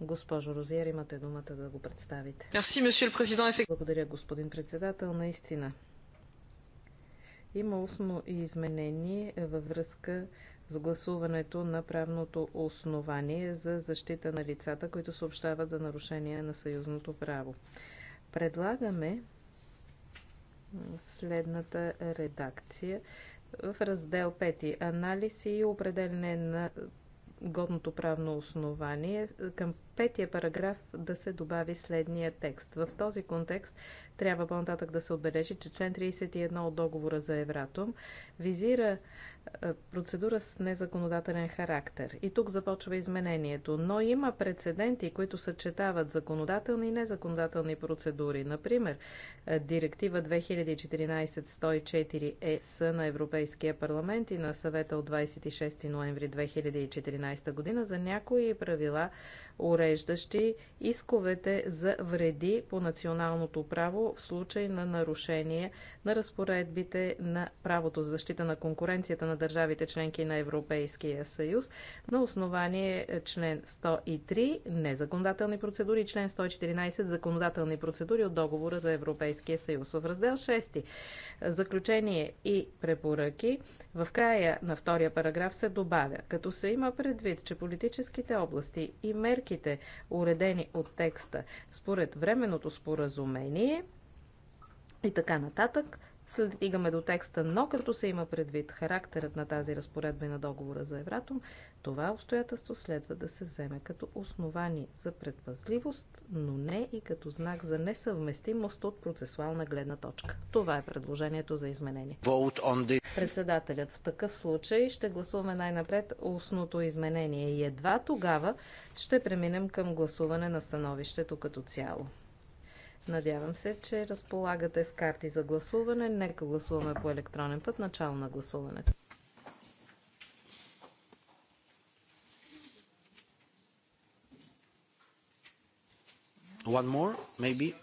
Госпожо Розиер, имате думата да го представите. Благодаря, господин председател. Наистина. Има устно изменение във връзка с гласуването на правното основание за защита на лицата, които съобщават за нарушение на съюзното право. Предлагаме следната редакция в раздел 5 анализ и определене на годното правно основание, към петия параграф да се добави следния текст. В този контекст трябва по-нататък да се отбележи, че член 31 от договора за Евратом визира е, процедура с незаконодателен характер. И тук започва изменението. Но има прецеденти, които съчетават законодателни и незаконодателни процедури. Например, е, Директива 2014-104 ЕС на Европейския парламент и на съвета от 26 ноември 2014 година за някои правила уреждащи исковете за вреди по националното право в случай на нарушение на разпоредбите на правото за защита на конкуренцията на държавите членки на Европейския съюз на основание е, член 103 незаконодателни процедури и член 114 законодателни процедури от договора за Европейския съюз. В раздел 6 Заключение и препоръки в края на втория параграф се добавя, като се има предвид, че политическите области и мерките, уредени от текста според временното споразумение и така нататък, стигаме до текста, но като се има предвид характерът на тази разпоредба и на договора за Евратом, това обстоятелство следва да се вземе като основание за предпазливост, но не и като знак за несъвместимост от процесуална гледна точка. Това е предложението за изменение. The... Председателят в такъв случай ще гласуваме най-напред устното изменение и едва тогава ще преминем към гласуване на становището като цяло. Надявам се, че разполагате с карти за гласуване. Нека гласуваме по електронен път начало на гласуването. One more, maybe.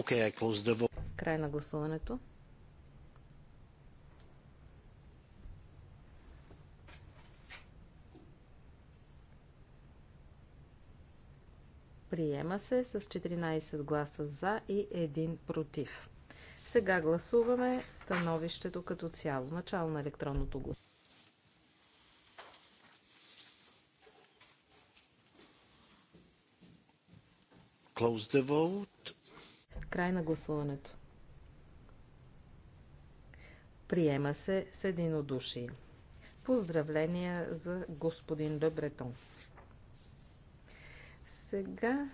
Okay, I close the vote. Край на гласуването. Приема се с 14 гласа за и 1 против. Сега гласуваме становището като цяло. Начало на електронното гласуване. Close the vote. Край на гласуването. Приема се с единодушие. Поздравления за господин Добретон. Сега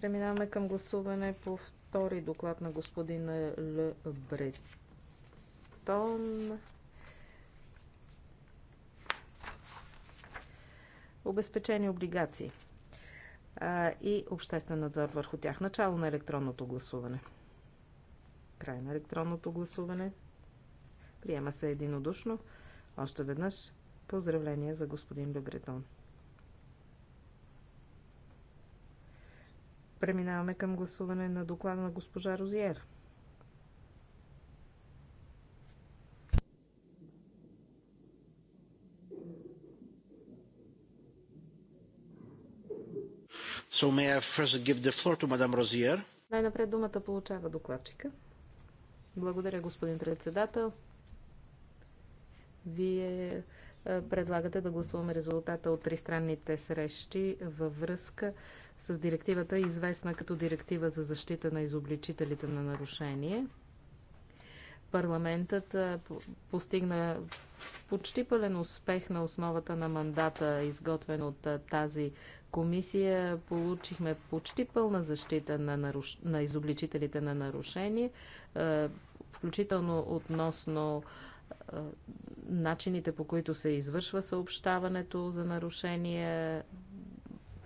преминаваме към гласуване по втори доклад на господина Л. Бретон. Обезпечени облигации а, и обществен надзор върху тях. Начало на електронното гласуване. Край на електронното гласуване. Приема се единодушно. Още веднъж поздравление за господин Любретон. Преминаваме към гласуване на доклада на госпожа Розиер. So may I first give the floor to Madame Най-напред думата получава докладчика. Благодаря, господин председател. Вие е, предлагате да гласуваме резултата от тристранните срещи във връзка с директивата, известна като директива за защита на изобличителите на нарушение. Парламентът постигна почти пълен успех на основата на мандата, изготвен от тази комисия. Получихме почти пълна защита на, наруш... на изобличителите на нарушение, включително относно начините по които се извършва съобщаването за нарушения,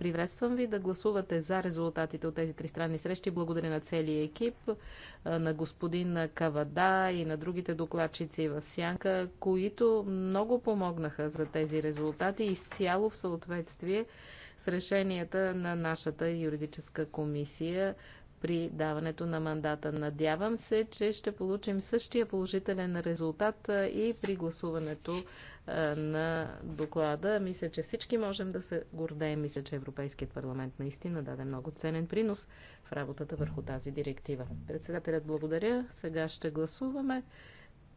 Приветствам ви да гласувате за резултатите от тези тристранни срещи. Благодаря на целия екип, на господин Кавада и на другите докладчици в Сянка, които много помогнаха за тези резултати изцяло в съответствие с решенията на нашата юридическа комисия при даването на мандата. Надявам се, че ще получим същия положителен резултат и при гласуването на доклада. Мисля, че всички можем да се гордеем. Мисля, че Европейският парламент наистина даде много ценен принос в работата върху тази директива. Председателят благодаря. Сега ще гласуваме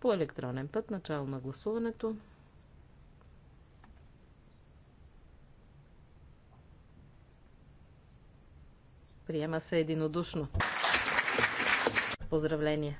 по електронен път начало на гласуването. Приема се единодушно. Поздравления!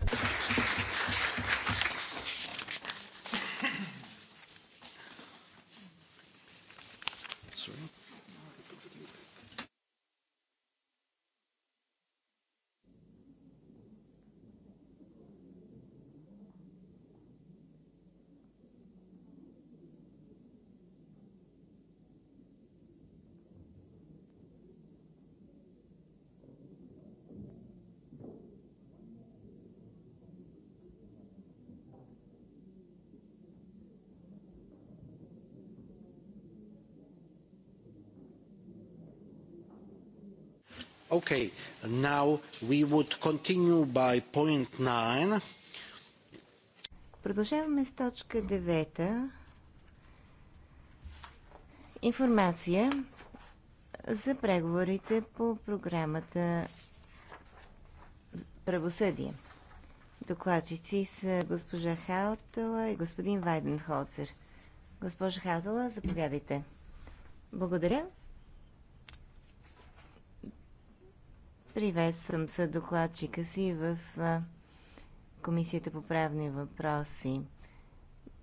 Now we would continue by point Продължаваме с точка 9. Информация за преговорите по програмата Правосъдие. Докладчици са госпожа Хаутала и господин Вайденхолцер. Госпожа Хаутала, заповядайте. Благодаря. Приветствам докладчика си в Комисията по правни въпроси.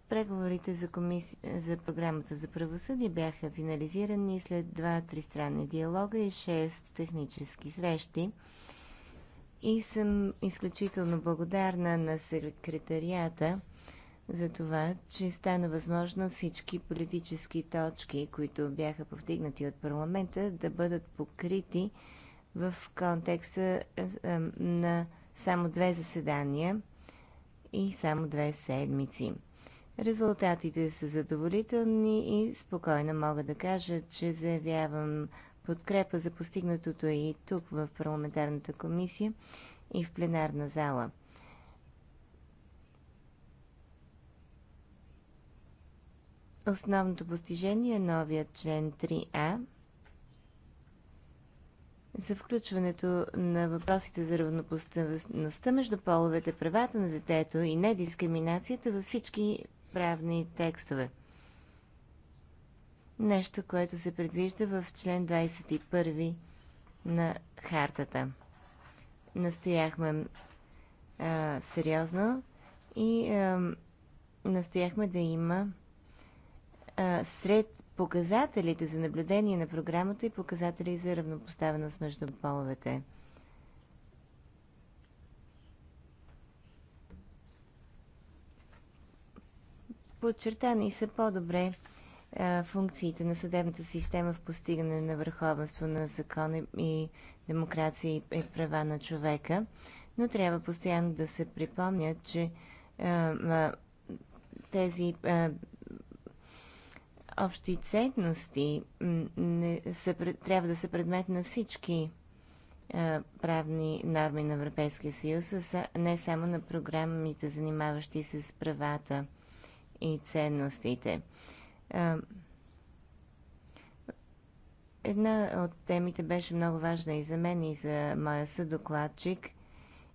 Преговорите за, комиси... за програмата за правосъдие бяха финализирани след два тристранни диалога и шест технически срещи. И съм изключително благодарна на секретарията за това, че стана възможно всички политически точки, които бяха повдигнати от парламента, да бъдат покрити в контекста е, е, на само две заседания и само две седмици. Резултатите са задоволителни и спокойно мога да кажа, че заявявам подкрепа за постигнатото и тук в парламентарната комисия и в пленарна зала. Основното постижение е новият член 3А, за включването на въпросите за равнопоставеността между половете, правата на детето и недискриминацията във всички правни текстове. Нещо, което се предвижда в член 21 на хартата. Настояхме а, сериозно и а, настояхме да има а, сред показателите за наблюдение на програмата и показатели за равнопоставеност между половете. Подчертани са по-добре функциите на съдебната система в постигане на върховенство на закона и демокрация и права на човека, но трябва постоянно да се припомня, че а, а, тези а, общи ценности не, са, трябва да са предмет на всички е, правни норми на Европейския съюз, а не само на програмите, занимаващи се с правата и ценностите. Е, една от темите беше много важна и за мен, и за моя съдокладчик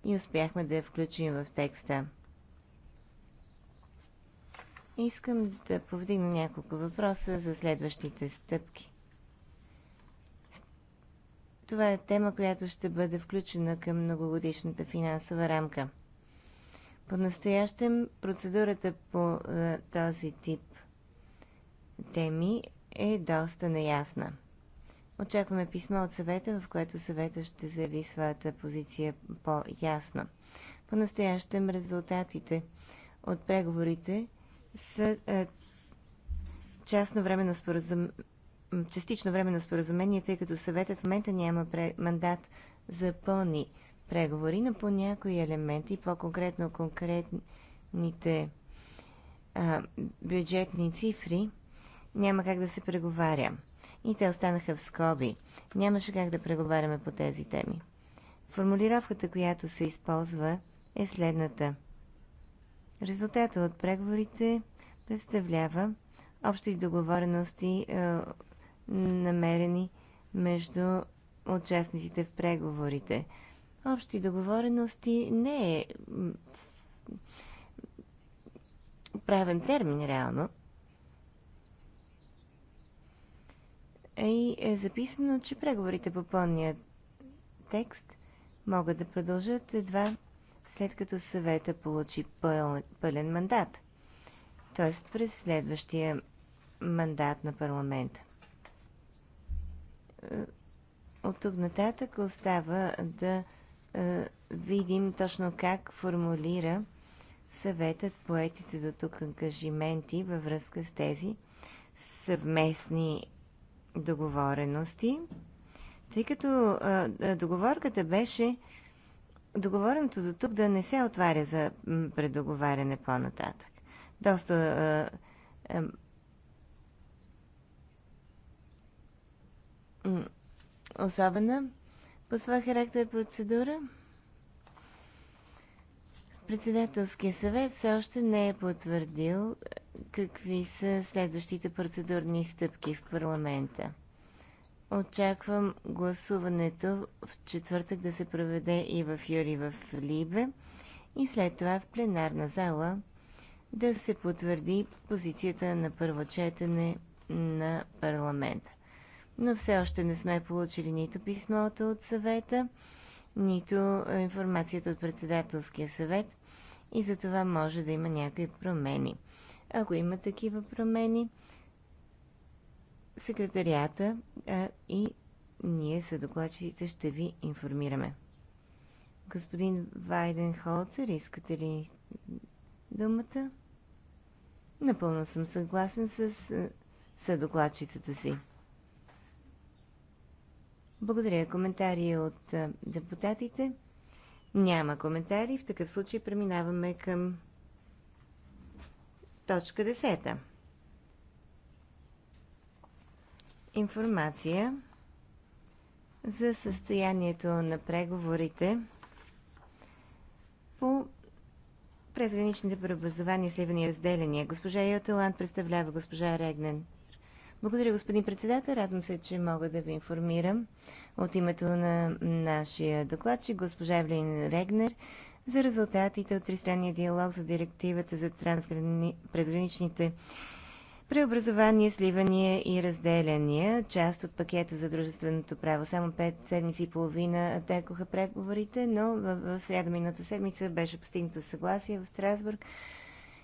и успяхме да я включим в текста – Искам да повдигна няколко въпроса за следващите стъпки. Това е тема, която ще бъде включена към многогодишната финансова рамка. По-настоящем процедурата по е, този тип теми е доста неясна. Очакваме писмо от съвета, в което съвета ще заяви своята позиция по-ясно. По-настоящем резултатите от преговорите са е, частно частично временно споразумение, тъй като съветът в момента няма мандат за пълни преговори, но по някои елементи, по-конкретно конкретните а, бюджетни цифри, няма как да се преговаря. И те останаха в скоби. Нямаше как да преговаряме по тези теми. Формулировката, която се използва, е следната – Резултата от преговорите представлява общи договорености, е, намерени между участниците в преговорите. Общи договорености не е правен термин реално. И е записано, че преговорите по пълния текст могат да продължат едва след като съвета получи пъл, пълен мандат, т.е. през следващия мандат на парламента. Е, от тук нататък остава да е, видим точно как формулира съветът поетите до тук ангажименти във връзка с тези съвместни договорености, тъй като е, договорката беше договореното до тук да не се отваря за предоговаряне по-нататък. Доста а, особена по своя характер процедура. Председателския съвет все още не е потвърдил какви са следващите процедурни стъпки в парламента. Очаквам гласуването в четвъртък да се проведе и в Юри в Либе и след това в пленарна зала да се потвърди позицията на първо четене на парламента. Но все още не сме получили нито писмото от съвета, нито информацията от председателския съвет и за това може да има някои промени. Ако има такива промени, секретарията а, и ние, докладчиците ще ви информираме. Господин Вайден Холцер, искате ли думата? Напълно съм съгласен с съдокладчицата си. Благодаря. Коментари от депутатите? Няма коментари. В такъв случай преминаваме към точка 10. информация за състоянието на преговорите по презграничните преобразования, и и разделения. Госпожа Йотеланд представлява госпожа Регнен. Благодаря, господин председател. Радвам се, че мога да ви информирам от името на нашия докладчик, госпожа Евлин Регнер, за резултатите от тристранния диалог за директивата за трансграни... презграничните Преобразование, сливания и разделяния, част от пакета за дружественото право. Само 5 седмици и половина текоха преговорите, но в сряда миналата седмица беше постигнато съгласие в Страсбург.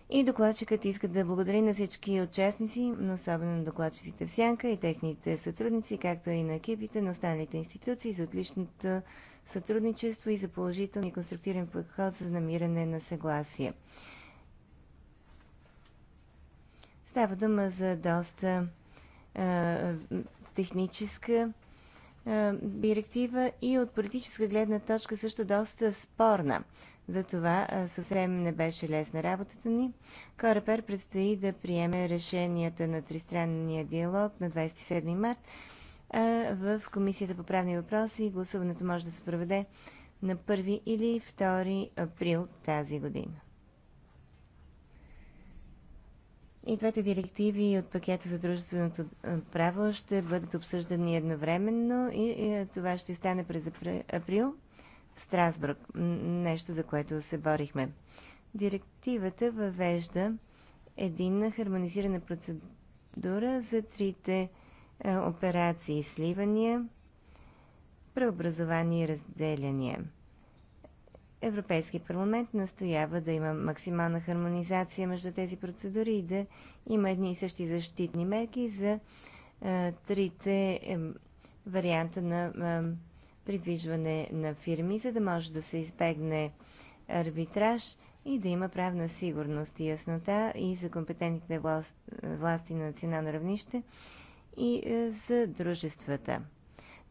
И докладчикът иска да благодари на всички участници, но особено на докладчиците в Сянка и техните сътрудници, както и на екипите на останалите институции за отличното сътрудничество и за положителни конструктивен подход за намиране на съгласие. Става дума за доста а, техническа а, директива и от политическа гледна точка също доста спорна. Затова съвсем не беше лесна работата ни. Корепер предстои да приеме решенията на тристранния диалог на 27 март в Комисията по правни въпроси и гласуването може да се проведе на 1 или 2 април тази година. И двете директиви от пакета за дружественото право ще бъдат обсъждани едновременно и това ще стане през април в Страсбург. Нещо, за което се борихме. Директивата въвежда единна хармонизирана процедура за трите операции сливания, преобразования и разделяния. Европейски парламент настоява да има максимална хармонизация между тези процедури и да има едни и същи защитни мерки за а, е, трите е, варианта на а, е, придвижване на фирми, за да може да се избегне арбитраж и да има правна сигурност и яснота и за компетентните власт, власти на национално равнище и а, е, за дружествата.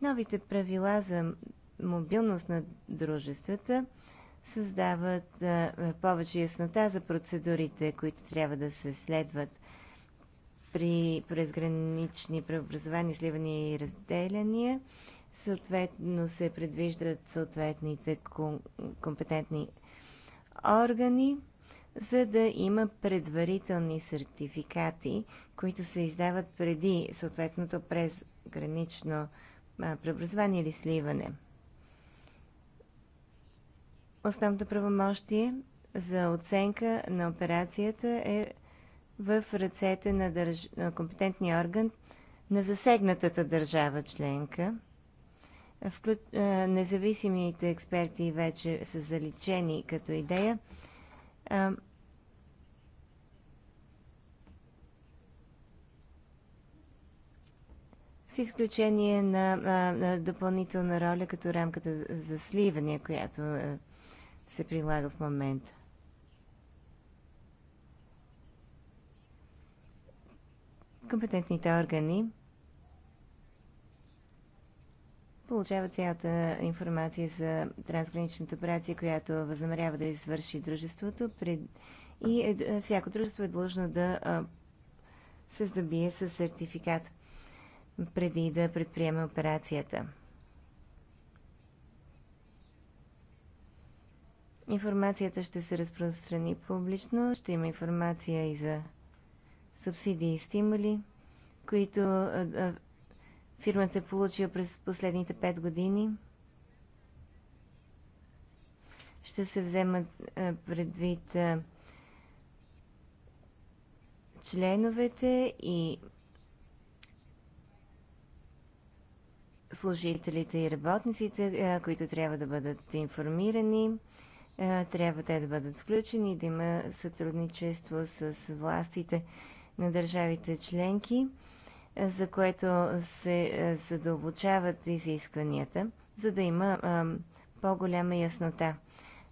Новите правила за мобилност на дружествата – създават повече яснота за процедурите, които трябва да се следват при презгранични преобразования, сливания и разделяния. Съответно се предвиждат съответните компетентни органи, за да има предварителни сертификати, които се издават преди съответното презгранично преобразование или сливане – основното правомощие за оценка на операцията е в ръцете на, държ... на компетентния орган на засегнатата държава членка. Вклю... Е, независимите експерти вече са заличени като идея. Е, с изключение на, е, на допълнителна роля като рамката за сливане, която е се прилага в момента. Компетентните органи получават цялата информация за трансграничната операция, която възнамерява да извърши дружеството. Пред... И е, е всяко дружество е длъжно да се здобие с сертификат преди да предприеме операцията. Информацията ще се разпространи публично, ще има информация и за субсидии и стимули, които фирмата е получила през последните 5 години. Ще се вземат предвид членовете и служителите и работниците, които трябва да бъдат информирани. Е, трябва те да бъдат включени, да има сътрудничество с властите на държавите членки, е, за което се е, задълбочават изискванията, за да има по-голяма яснота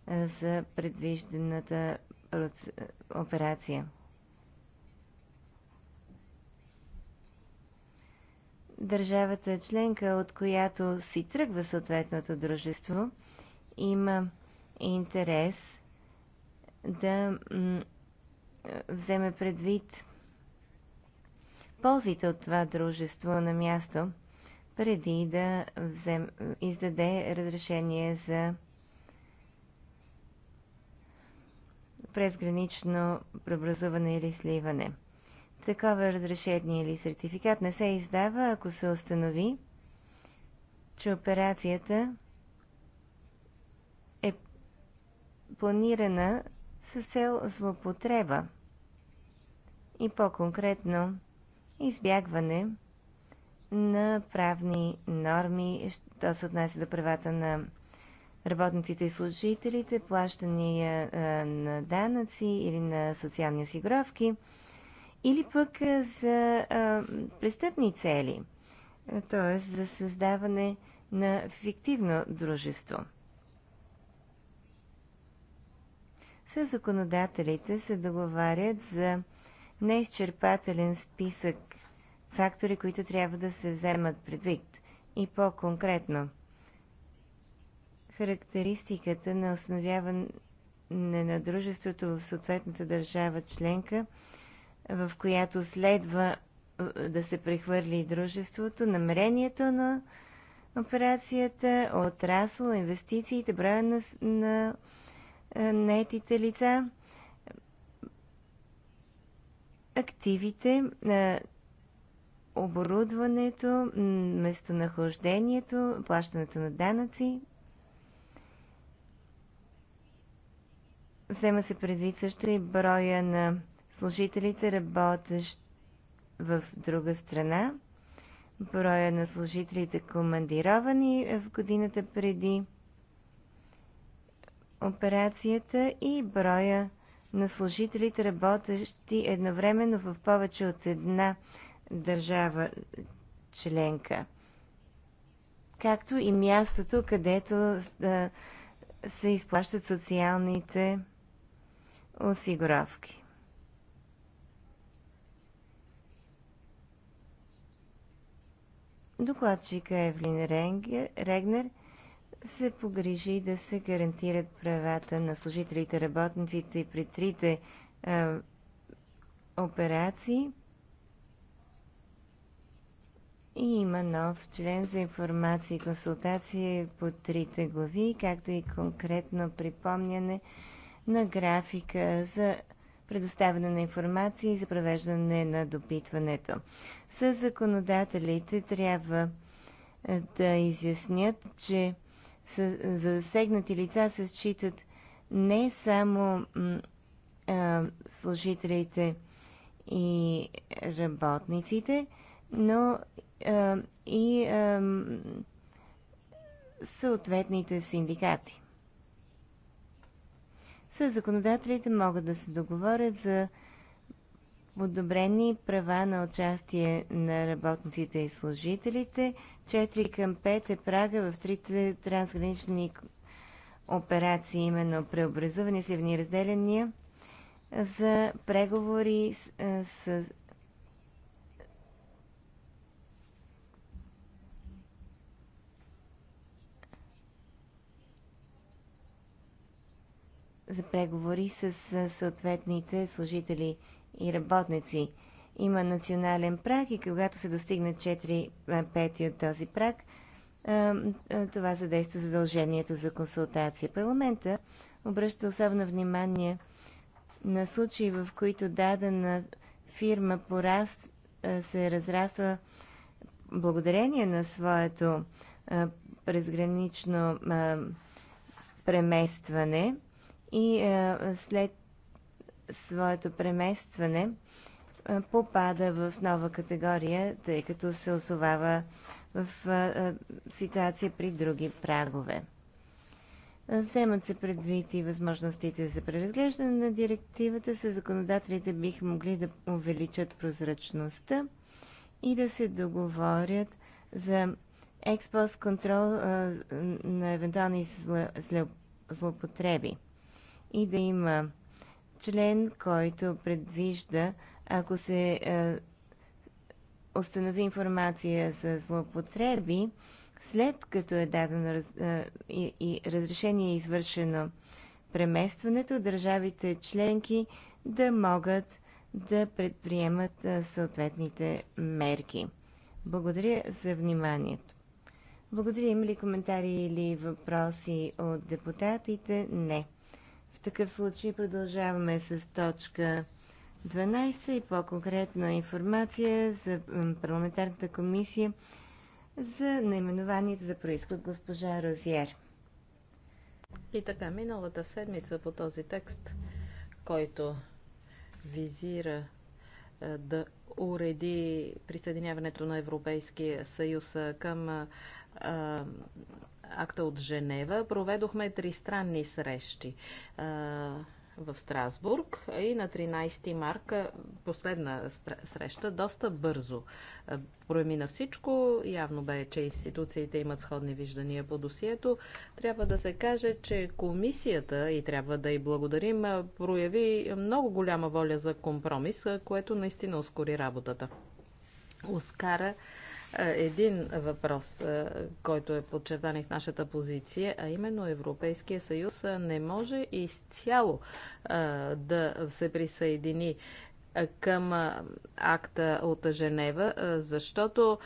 за предвижданата операция. Държавата членка, от която си тръгва съответното дружество, има интерес да вземе предвид ползите от това дружество на място, преди да взем, издаде разрешение за презгранично преобразуване или сливане. Такова разрешение или сертификат не се издава, ако се установи, че операцията планирана с цел злоупотреба и по-конкретно избягване на правни норми, що се отнася до правата на работниците и служителите, плащания на данъци или на социални осигуровки, или пък за престъпни цели, т.е. за създаване на фиктивно дружество – с законодателите се договарят за неизчерпателен списък фактори, които трябва да се вземат предвид. И по-конкретно, характеристиката на установяване на дружеството в съответната държава членка, в която следва е, да се прехвърли дружеството, намерението на операцията, отрасъл, инвестициите, броя на, на е, наетите лица, активите, е, оборудването, местонахождението, плащането на данъци. Взема се предвид също и броя на служителите, работещ в друга страна, броя на служителите командировани в годината преди операцията и броя на служителите, работещи едновременно в повече от една държава членка, както и мястото, където се изплащат социалните осигуровки. докладчика Евлин Регнер се погрижи да се гарантират правата на служителите, работниците и при трите а, операции. И има нов член за информация и консултации по трите глави, както и конкретно припомняне на графика за предоставяне на информация и за провеждане на допитването. С законодателите трябва да изяснят, че за засегнати лица се считат не само а, служителите и работниците, но а, и а, съответните синдикати. Със законодателите могат да се договорят за Одобрени права на участие на работниците и служителите. 4 към 5 е прага в трите трансгранични операции, именно преобразувани сливни разделения за преговори с, с за преговори с съответните служители и работници. Има национален прак и когато се достигне 4 е, пети от този прак, е, е, това задейства задължението за консултация. Парламента обръща особено внимание на случаи, в които дадена фирма раз се разраства благодарение на своето презгранично преместване и след своето преместване попада в нова категория, тъй като се озовава в ситуация при други прагове. Вземат се предвид и възможностите за преразглеждане на директивата, с законодателите бих могли да увеличат прозрачността и да се договорят за експост контрол на евентуални злоупотреби и да има член, който предвижда, ако се е, установи информация за злоупотреби, след като е дадено е, и, и разрешение е извършено преместването, държавите членки да могат да предприемат е, съответните мерки. Благодаря за вниманието. Благодаря. Има ли коментари или въпроси от депутатите? Не. В такъв случай продължаваме с точка 12 и по-конкретно информация за парламентарната комисия за наименованието за происход госпожа Розиер. И така, миналата седмица по този текст, който визира е, да уреди присъединяването на Европейския съюз е, към е, акта от Женева, проведохме тристранни срещи в Страсбург и на 13 марка последна среща доста бързо промина всичко. Явно бе, че институциите имат сходни виждания по досието. Трябва да се каже, че комисията, и трябва да й благодарим, прояви много голяма воля за компромис, което наистина ускори работата. Оскара е, един въпрос, е, който е подчертан и в нашата позиция, а именно Европейския съюз е, не може изцяло да се присъедини към акта от Женева, защото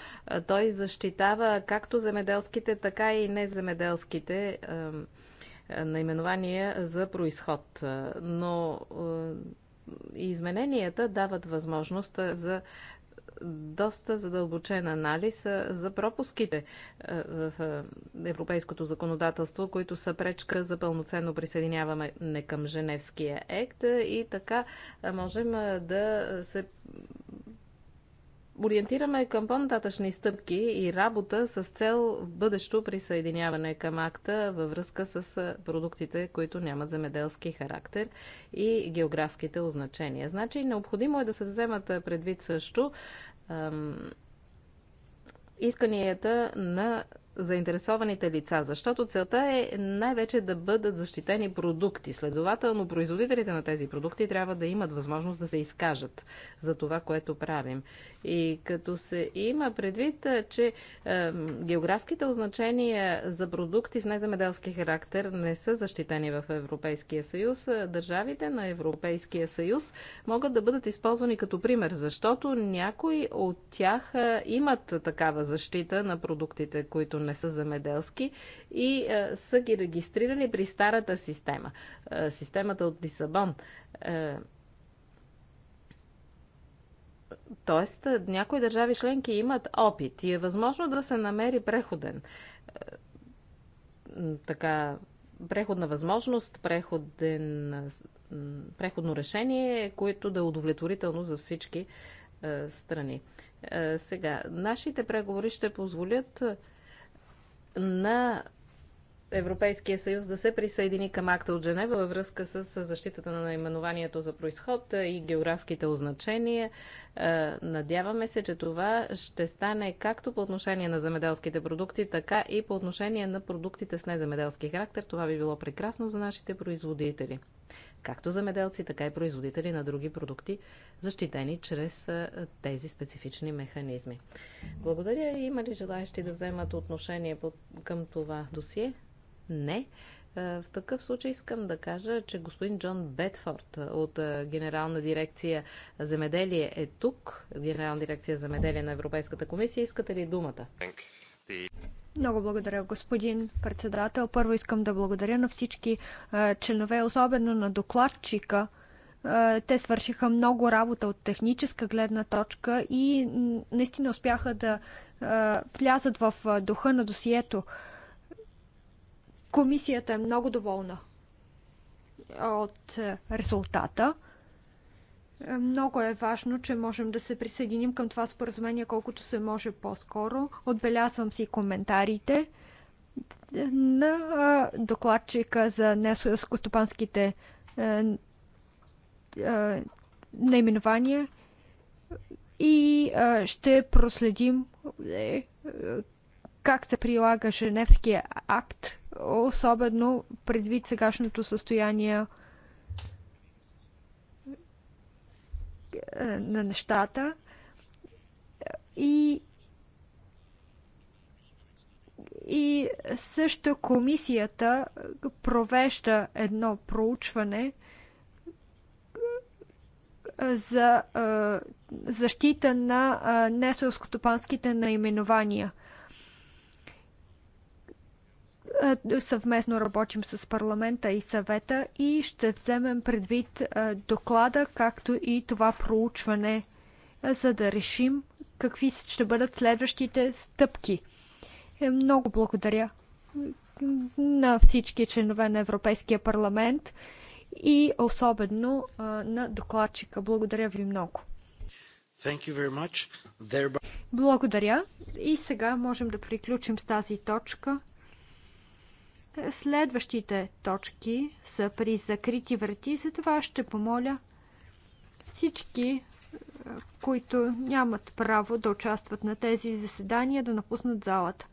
той защитава както земеделските, така и неземеделските наименования за происход. Но измененията дават възможност за доста задълбочен анализ за пропуските в европейското законодателство, които са пречка за пълноценно присъединяване към Женевския ект и така можем да се ориентираме към по-нататъчни стъпки и работа с цел в бъдещо присъединяване към акта във връзка с продуктите, които нямат земеделски характер и географските означения. Значи необходимо е да се вземат предвид също исканията на заинтересованите лица, защото целта е най-вече да бъдат защитени продукти. Следователно, производителите на тези продукти трябва да имат възможност да се изкажат за това, което правим. И като се има предвид, че е, географските означения за продукти с неземеделски характер не са защитени в Европейския съюз, държавите на Европейския съюз могат да бъдат използвани като пример, защото някои от тях имат такава защита на продуктите, които не са замеделски и а, е, са ги регистрирали при старата система, а, е, системата от Лисабон. А, е, Тоест, някои държави членки имат опит и е възможно да се намери преходен така, преходна възможност, преходен, преходно решение, което да е удовлетворително за всички страни. Сега, нашите преговори ще позволят на Европейския съюз да се присъедини към акта от Женева във връзка с защитата на наименованието за происход и географските означения. Надяваме се, че това ще стане както по отношение на земеделските продукти, така и по отношение на продуктите с неземеделски характер. Това би било прекрасно за нашите производители както замеделци, така и производители на други продукти, защитени чрез тези специфични механизми. Благодаря. Има ли желаящи да вземат отношение към това досие? Не. В такъв случай искам да кажа, че господин Джон Бетфорд от Генерална дирекция Земеделие е тук. Генерална дирекция Земеделие на Европейската комисия. Искате ли думата? Много благодаря, господин председател. Първо искам да благодаря на всички е, членове, особено на докладчика. Е, те свършиха много работа от техническа гледна точка и наистина успяха да е, влязат в е, духа на досието. Комисията е много доволна от е, резултата. Е, много е важно, че можем да се присъединим към това споразумение колкото се може по-скоро. Отбелязвам си коментарите е, на докладчика за несоскостопанските е, наименования и ще проследим как се прилага Женевския акт, особено предвид сегашното състояние Е, на нещата и и също комисията провежда едно проучване е, за е, защита на неселскотопанските наименования – е, съвместно работим с парламента и съвета и ще вземем предвид е, доклада, както и това проучване, е, за да решим какви ще бъдат следващите стъпки. Много благодаря на всички членове на Европейския парламент и особено на докладчика. Благодаря ви много. Благодаря. И сега можем да приключим с тази точка. Следващите точки са при закрити врати, затова ще помоля всички, е, които нямат право да участват на тези заседания, да напуснат залата.